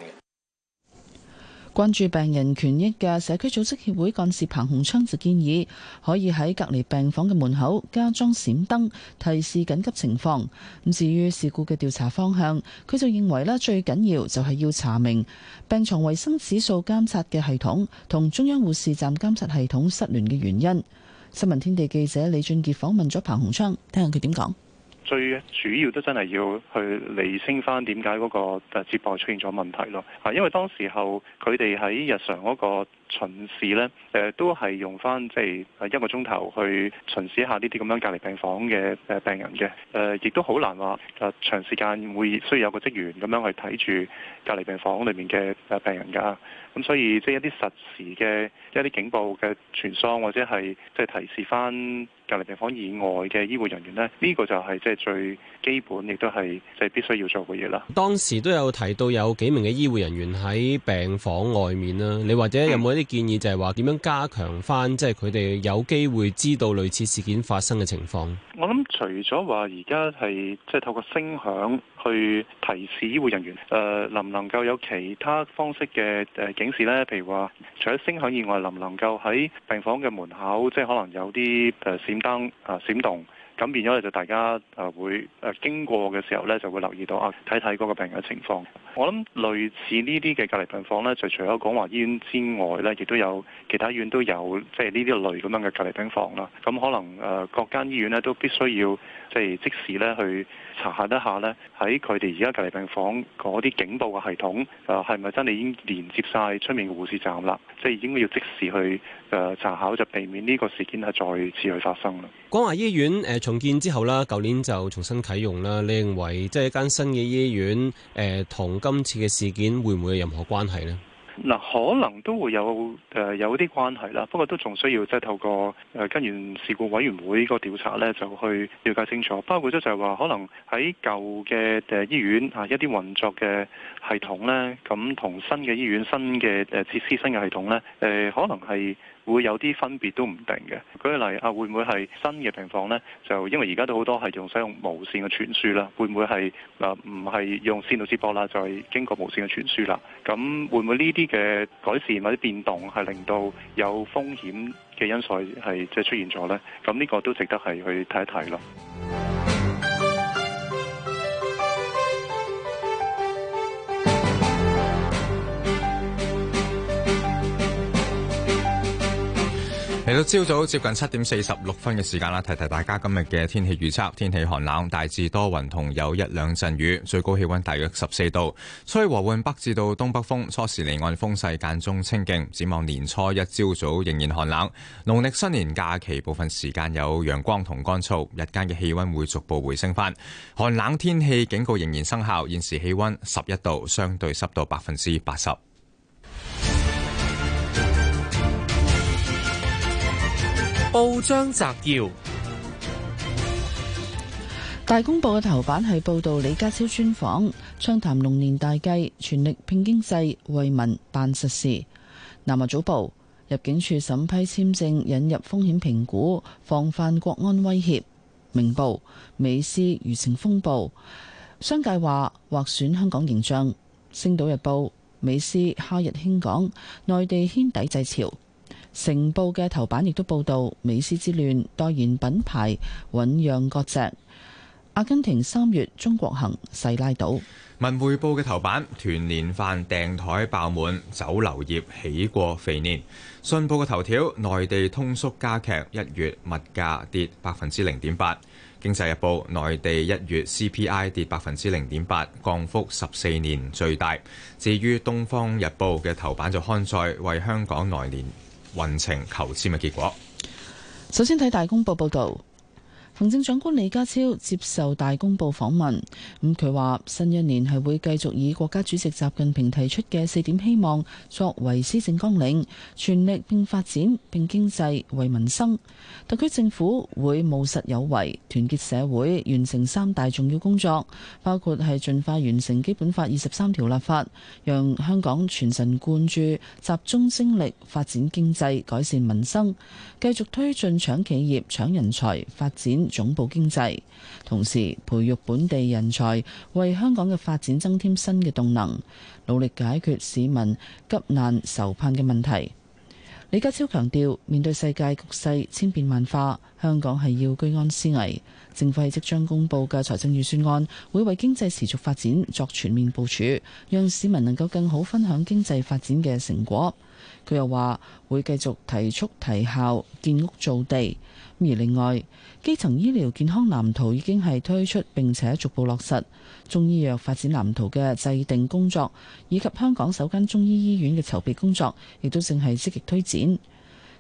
關注病人權益嘅社區組織協會幹事彭洪昌就建議，可以喺隔離病房嘅門口加裝閃燈，提示緊急情況。咁至於事故嘅調查方向，佢就認為呢，最緊要就係要查明病床維生指數監察嘅系統同中央護士站監察系統失聯嘅原因。新聞天地記者李俊杰訪問咗彭洪昌，聽下佢點講。最主要都真係要去釐清翻點解嗰個接報出現咗問題咯。啊，因為當時候佢哋喺日常嗰、嗰個。巡視咧，誒都係用翻即係一個鐘頭去巡視一下呢啲咁樣隔離病房嘅誒病人嘅，誒亦都好難話誒長時間會需要有個職員咁樣去睇住隔離病房裏面嘅誒病人㗎。咁所以即係一啲實時嘅，一啲警報嘅傳送或者係即係提示翻隔離病房以外嘅醫護人員咧，呢個就係即係最基本，亦都係即係必須要做嘅嘢啦。當時都有提到有幾名嘅醫護人員喺病房外面啦，你或者有冇啲建議就係話點樣加強翻，即係佢哋有機會知道類似事件發生嘅情況。我諗除咗話而家係即係透過聲響去提示醫護人員，誒能唔能夠有其他方式嘅誒警示呢？譬如話，除咗聲響以外，能唔能夠喺病房嘅門口，即係可能有啲誒閃燈啊閃動？咁變咗咧，就大家誒會誒經過嘅時候咧，就會留意到啊，睇睇嗰個病人嘅情況。我諗類似呢啲嘅隔離病房咧，就除咗廣華醫院之外咧，亦都有其他醫院都有，即係呢啲類咁樣嘅隔離病房啦。咁可能誒各間醫院咧都必須要即係即時咧去。查下一下咧，喺佢哋而家隔離病房嗰啲警報嘅系統，誒，係咪真係已經連接晒出面嘅護士站啦？即係應該要即時去誒查考，就避免呢個事件係再次去發生啦。廣華醫院誒重建之後啦，舊年就重新啟用啦。你認爲即係一間新嘅醫院誒同今次嘅事件會唔會有任何關係咧？嗱，可能都會有誒、呃、有啲關係啦，不過都仲需要即係透過誒、呃、根源事故委員會個調查咧，就去了解清楚。包括咗就係話、呃啊呃呃，可能喺舊嘅誒醫院啊，一啲運作嘅系統咧，咁同新嘅醫院新嘅誒設施、新嘅系統咧，誒可能係。會有啲分別都唔定嘅。舉個例啊，會唔會係新嘅情況呢？就因為而家都好多係用使用無線嘅傳輸啦。會唔會係啊？唔係用線路接駁啦，就係、是、經過無線嘅傳輸啦。咁會唔會呢啲嘅改善或者變動係令到有風險嘅因素係即係出現咗呢？咁呢個都值得係去睇一睇咯。嚟到朝早接近七點四十六分嘅時間啦，提提大家今日嘅天氣預測：天氣寒冷，大致多雲同有一兩陣雨，最高氣溫大約十四度，吹和緩北至到東北風，初時離岸風勢間中清勁。展望年初一朝早仍然寒冷，農曆新年假期部分時間有陽光同乾燥，日間嘅氣溫會逐步回升返。寒冷天氣警告仍然生效，現時氣溫十一度，相對濕度百分之八十。報章摘要：大公報嘅頭版係報道李家超專訪，暢談龍年大計，全力拼經濟，為民辦實事。南華早報：入境處審批簽證引入風險評估，防範國安威脅。明報：美斯輿情風暴，商界話有損香港形象。星島日報：美斯哈日輕港，內地掀抵制潮。成報嘅頭版亦都報導美斯之亂，代言品牌醞釀割席。阿根廷三月中國行，塞拉島。文匯報嘅頭版，團年飯訂台爆滿，酒樓業起過肥年。信報嘅頭條，內地通縮加劇，一月物價跌百分之零點八。經濟日報，內地一月 CPI 跌百分之零點八，降幅十四年最大。至於《東方日報》嘅頭版就刊載為香港來年運程求簽嘅結果，首先睇大公報報道。行政長官李家超接受大公報訪問，咁佢話：新一年係會繼續以國家主席習近平提出嘅四點希望作為施政綱領，全力並發展並經濟為民生。特區政府會務實有為，團結社會，完成三大重要工作，包括係盡快完成基本法二十三條立法，讓香港全神貫注、集中精力發展經濟、改善民生。繼續推進搶企業、搶人才，發展總部經濟，同時培育本地人才，為香港嘅發展增添新嘅動能，努力解決市民急難愁盼嘅問題。李家超強調，面對世界局勢千變萬化，香港係要居安思危。政府喺即將公佈嘅財政預算案，會為經濟持續發展作全面部署，讓市民能夠更好分享經濟發展嘅成果。佢又話會繼續提速提效建屋造地。而另外，基層醫療健康藍圖已經係推出並且逐步落實，中醫藥發展藍圖嘅制定工作以及香港首間中醫醫院嘅籌備工作，亦都正係積極推展。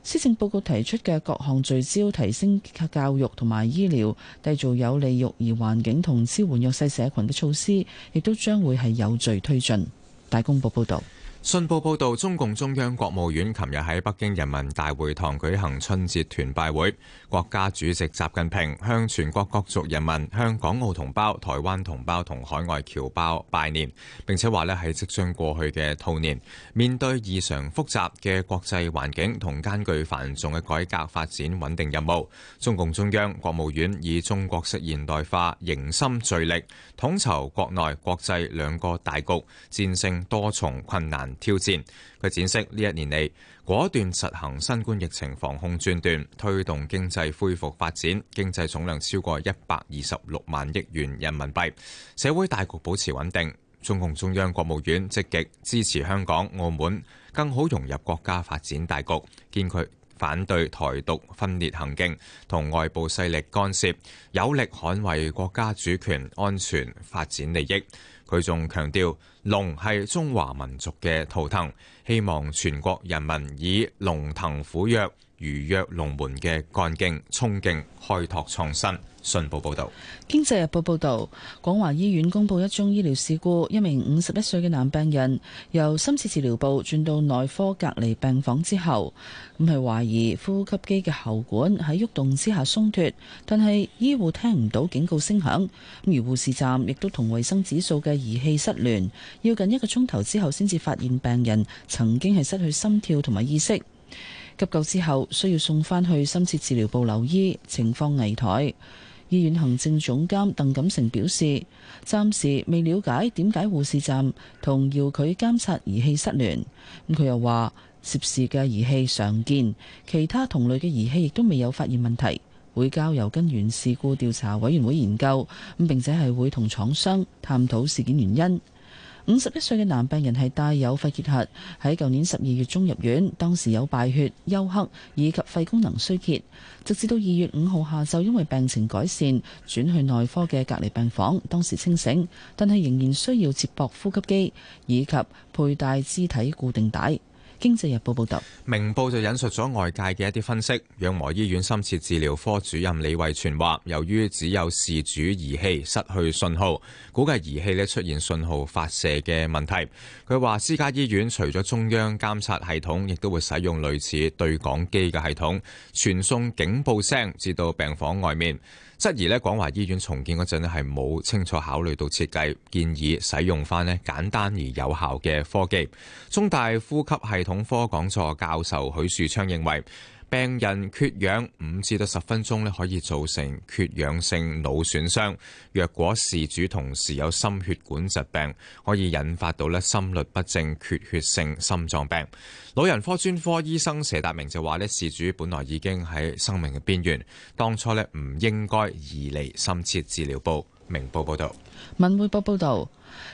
施政報告提出嘅各項聚焦提升教育同埋醫療，締造有利育兒環境同支援弱勢社群嘅措施，亦都將會係有序推進。大公報報導。信報報道，中共中央國務院琴日喺北京人民大會堂舉行春節團拜會，國家主席習近平向全國各族人民、向港澳同胞、台灣同胞同海外僑胞拜年，並且話喺即將過去嘅兔年，面對異常複雜嘅國際環境同艱巨繁重嘅改革、發展、穩定任務，中共中央國務院以中國式現代化凝心聚力，統籌國內國際兩個大局，戰勝多重困難。挑戰。佢展示呢一年嚟，果斷實行新冠疫情防控轉段，推動經濟恢復發展，經濟總量超過一百二十六萬億元人民幣，社會大局保持穩定。中共中央國務院積極支持香港、澳門更好融入國家發展大局，堅決反對台獨分裂行徑同外部勢力干涉，有力捍衛國家主權、安全、發展利益。佢仲強調，龍係中華民族嘅圖騰，希望全國人民以龍騰虎躍、如躍龍門嘅幹勁、衝勁開拓創新。信報報導，《經濟日報》報導，廣華醫院公布一宗醫療事故，一名五十一歲嘅男病人由深切治療部轉到內科隔離病房之後，咁係懷疑呼吸機嘅喉管喺喐動，動之下鬆脱，但係醫護聽唔到警告聲響，咁而護士站亦都同衞生指數嘅儀器失聯，要近一個鐘頭之後先至發現病人曾經係失去心跳同埋意識，急救之後需要送翻去深切治療部留醫，情況危殆。醫院行政總監鄧錦成表示，暫時未了解點解護士站同遙距監察儀器失聯。咁佢又話，涉事嘅儀器常見，其他同類嘅儀器亦都未有發現問題，會交由根源事故調查委員會研究。咁並且係會同廠商探討事件原因。五十一歲嘅男病人係帶有肺結核，喺舊年十二月中入院，當時有敗血、休克以及肺功能衰竭，直至到二月五號下晝，因為病情改善，轉去內科嘅隔離病房，當時清醒，但係仍然需要接駁呼吸機以及佩戴肢體固定帶。經濟日報報道，明報就引述咗外界嘅一啲分析。養和醫院深切治療科主任李惠全話，由於只有事主儀器失去信號，估計儀器出現信號發射嘅問題。佢話私家醫院除咗中央監察系統，亦都會使用類似對講機嘅系統，傳送警報聲至到病房外面。質疑咧，廣華醫院重建嗰陣咧，係冇清楚考慮到設計，建議使用翻咧簡單而有效嘅科技。中大呼吸系統科講座教授許樹昌認為。病人缺氧五至到十分鐘咧，可以造成缺氧性腦損傷。若果事主同時有心血管疾病，可以引發到咧心律不正、缺血性心臟病。老人科專科醫生謝達明就話咧，事主本來已經喺生命嘅邊緣，當初咧唔應該移離深切治療部。明報報道，文匯報報道。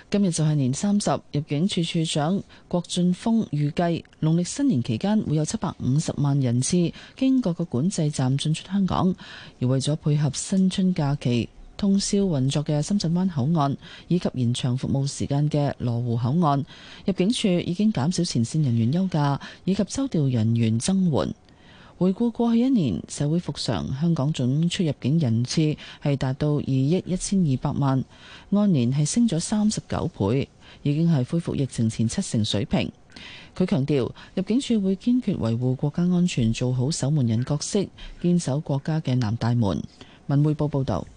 今日就係年三十，入境處處長郭俊峰預計農曆新年期間會有七百五十萬人次經各個管制站進出香港，而為咗配合新春假期通宵運作嘅深圳灣口岸以及延長服務時間嘅羅湖口岸，入境處已經減少前線人員休假以及抽調人員增援。回顧過去一年社會復常，香港總出入境人次係達到二億一千二百萬，按年係升咗三十九倍，已經係恢復疫情前七成水平。佢強調入境處會堅決維護國家安全，做好守門人角色，堅守國家嘅南大門。文匯報報道，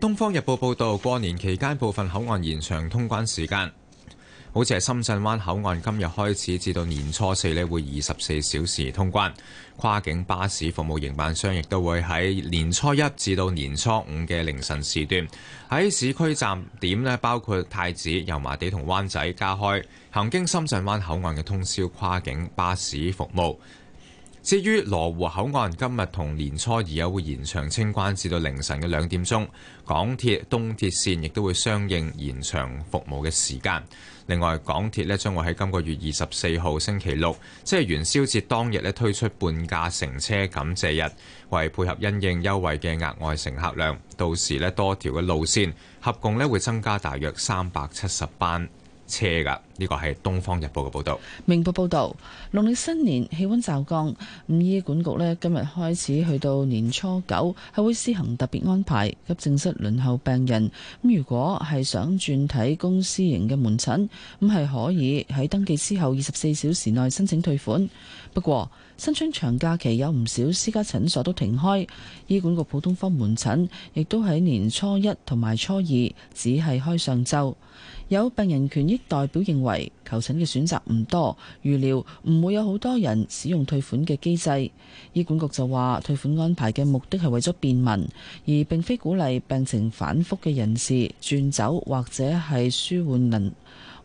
《東方日報》報道，過年期間部分口岸延長通關時間。好似係深圳灣口岸，今日開始至到年初四呢，會二十四小時通關跨境巴士服務。營辦商亦都會喺年初一至到年初五嘅凌晨時段喺市區站點呢，包括太子、油麻地同灣仔加開行經深圳灣口岸嘅通宵跨境巴士服務。至於羅湖口岸，今日同年初二也會延長清關至到凌晨嘅兩點鐘。港鐵東鐵線亦都會相應延長服務嘅時間。另外，港鐵呢將會喺今個月二十四號星期六，即係元宵節當日呢推出半價乘車感謝日，為配合因應優惠嘅額外乘客量，到時呢多條嘅路線合共呢會增加大約三百七十班。車噶，呢個係《東方日報》嘅報導。明報報導，農曆新年氣温驟降，咁、嗯、醫管局咧今日開始去到年初九係會施行特別安排，急症室輪候病人。咁如果係想轉睇公私營嘅門診，咁係可以喺登記之後二十四小時內申請退款。不過新春長假期有唔少私家診所都停開，醫管局普通科門診亦都喺年初一同埋初二只係開上晝。有病人權益代表認為求診嘅選擇唔多，預料唔會有好多人使用退款嘅機制。醫管局就話，退款安排嘅目的係為咗便民，而並非鼓勵病情反覆嘅人士轉走或者係舒緩輪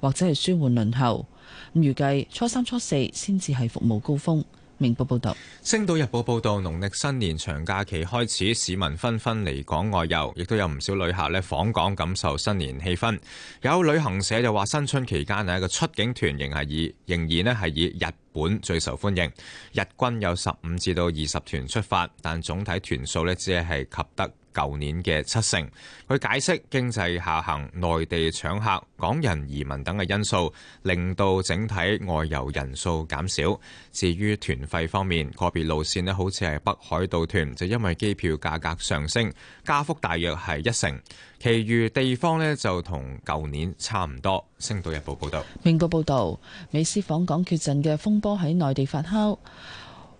或者係舒緩輪候。咁預計初三、初四先至係服務高峰。明報報道，《星島日報》報道，農曆新年長假期開始，市民紛紛離港外遊，亦都有唔少旅客咧訪港感受新年氣氛。有旅行社就話，新春期間係一個出境團仍，仍係以仍然咧係以日本最受歡迎，日均有十五至到二十團出發，但總體團數只係及得。舊年嘅七成，佢解釋經濟下行、內地搶客、港人移民等嘅因素，令到整體外遊人數減少。至於團費方面，個別路線呢好似係北海道團，就因為機票價格上升，加幅大約係一成。其餘地方呢就同舊年差唔多。星島日報報道。明報報道，美斯訪港缺陣嘅風波喺內地發酵。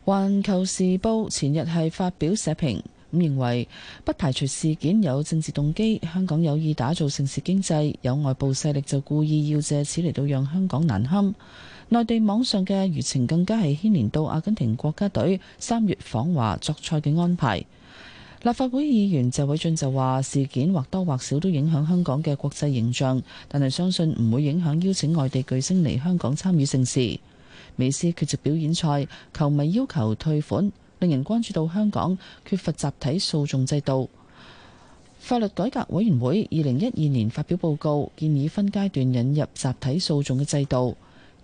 環球時報前日係發表社評。咁認為不排除事件有政治動機，香港有意打造城市經濟，有外部勢力就故意要借此嚟到，讓香港難堪。內地網上嘅輿情更加係牽連到阿根廷國家隊三月訪華作賽嘅安排。立法會議員謝偉俊就話，事件或多或少都影響香港嘅國際形象，但係相信唔會影響邀請外地巨星嚟香港參與盛事。美斯缺席表演賽，球迷要求退款。令人關注到香港缺乏集體訴訟制度。法律改革委員會二零一二年發表報告，建議分階段引入集體訴訟嘅制度。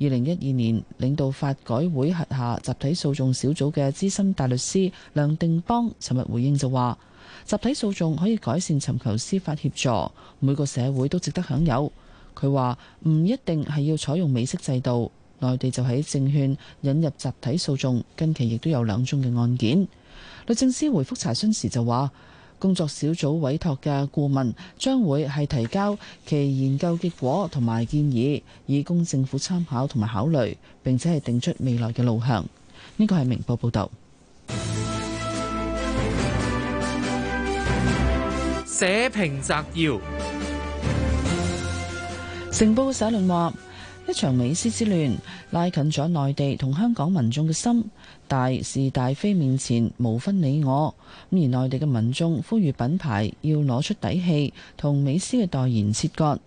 二零一二年，領導法改會轄下集體訴訟小組嘅資深大律師梁定邦，尋日回應就話：集體訴訟可以改善尋求司法協助，每個社會都值得享有。佢話唔一定係要採用美式制度。內地就喺證券引入集體訴訟，近期亦都有兩宗嘅案件。律政司回覆查詢時就話，工作小組委託嘅顧問將會係提交其研究結果同埋建議，以供政府參考同埋考慮，並且係定出未來嘅路向。呢個係明報報道。社評摘要，成報社論話。一場美斯之亂拉近咗內地同香港民眾嘅心，大是大非面前無分你我。而內地嘅民眾呼籲品牌要攞出底氣同美斯嘅代言切割。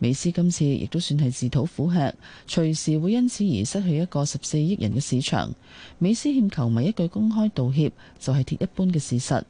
美斯今次亦都算係自討苦吃，隨時會因此而失去一個十四億人嘅市場。美斯欠球迷一句公開道歉就係鐵一般嘅事實。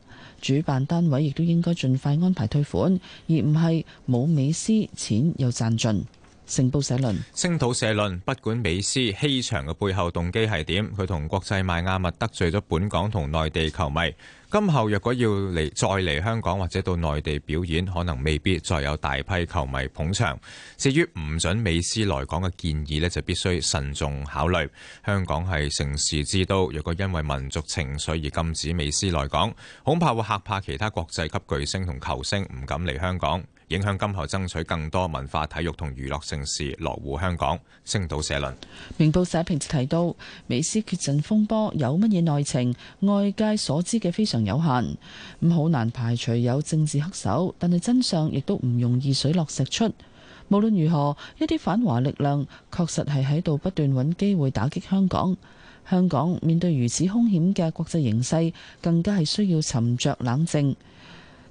主辦單位亦都應該盡快安排退款，而唔係冇美斯錢又賺盡。成報社論聲討社論，不管美斯欺場嘅背後動機係點，佢同國際邁阿密得罪咗本港同內地球迷。今後若果要嚟再嚟香港或者到內地表演，可能未必再有大批球迷捧場。至於唔準美斯來港嘅建議呢，就必須慎重考慮。香港係城市之都，若果因為民族情緒而禁止美斯來港，恐怕會嚇怕其他國際級巨星同球星唔敢嚟香港。影響今後爭取更多文化、體育同娛樂盛事落戶香港。星島社論，明報社評就提到，美斯缺陣風波有乜嘢內情，外界所知嘅非常有限，咁好難排除有政治黑手，但係真相亦都唔容易水落石出。無論如何，一啲反華力量確實係喺度不斷揾機會打擊香港。香港面對如此兇險嘅國際形勢，更加係需要沉着冷靜。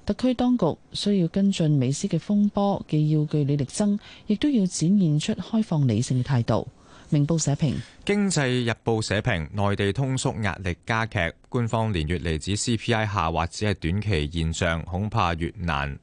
特區當局需要跟進美斯嘅風波，既要據理力爭，亦都要展現出開放理性嘅態度。明報社評，《經濟日報》社評，內地通縮壓力加劇，官方連月嚟指 CPI 下滑只係短期現象，恐怕越難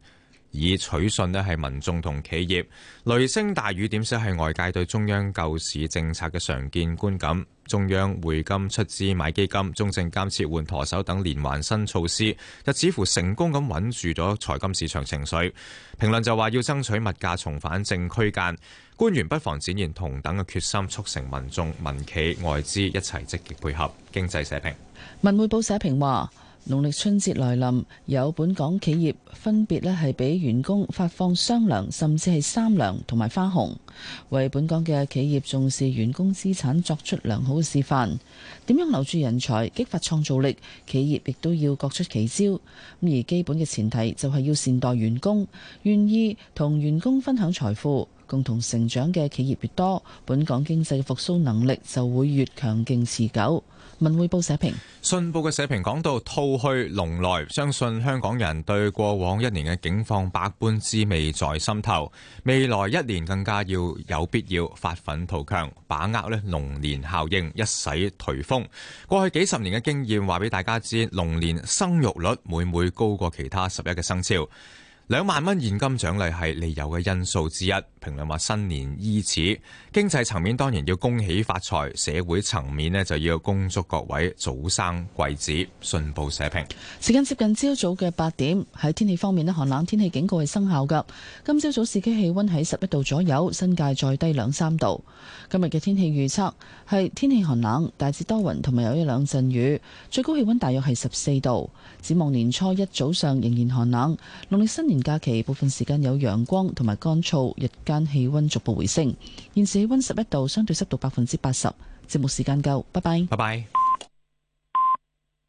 以取信咧，係民眾同企業。雷聲大雨點小係外界對中央救市政策嘅常見觀感。中央匯金出資買基金、中證監撤換舵手等連環新措施，就似乎成功咁穩住咗財金市場情緒。評論就話要爭取物價重返正區間，官員不妨展現同等嘅決心，促成民眾、民企、外資一齊積極配合經濟社評。文匯報社評話。農曆春節來臨，有本港企業分別咧係俾員工發放雙糧，甚至係三糧同埋花紅，為本港嘅企業重視員工資產作出良好嘅示範。點樣留住人才、激發創造力，企業亦都要各出奇招。而基本嘅前提就係要善待員工，願意同員工分享財富，共同成長嘅企業越多，本港經濟嘅復甦能力就會越強勁持久。文匯報社評，信報嘅社評講到：兔去龍來，相信香港人對過往一年嘅境況百般滋味在心頭。未來一年更加要有必要發奮圖強，把握咧龍年效應，一洗頹風。過去幾十年嘅經驗，話俾大家知，龍年生育率每每高過其他十一個生肖。兩萬蚊現金獎勵係利誘嘅因素之一。評論話，新年伊始，經濟層面當然要恭喜發財，社會層面呢就要恭祝各位早生貴子。信報社評，時間接近朝早嘅八點。喺天氣方面呢，寒冷天氣警告係生效嘅。今朝早，早市區氣溫喺十一度左右，新界再低兩三度。今日嘅天氣預測係天氣寒冷，大致多雲同埋有一兩陣雨，最高氣溫大約係十四度。展望年初一早上仍然寒冷，農曆新年假期部分時間有陽光同埋乾燥，日間氣温逐步回升。現時氣溫十一度，相對濕度百分之八十。節目時間夠，拜拜。拜拜。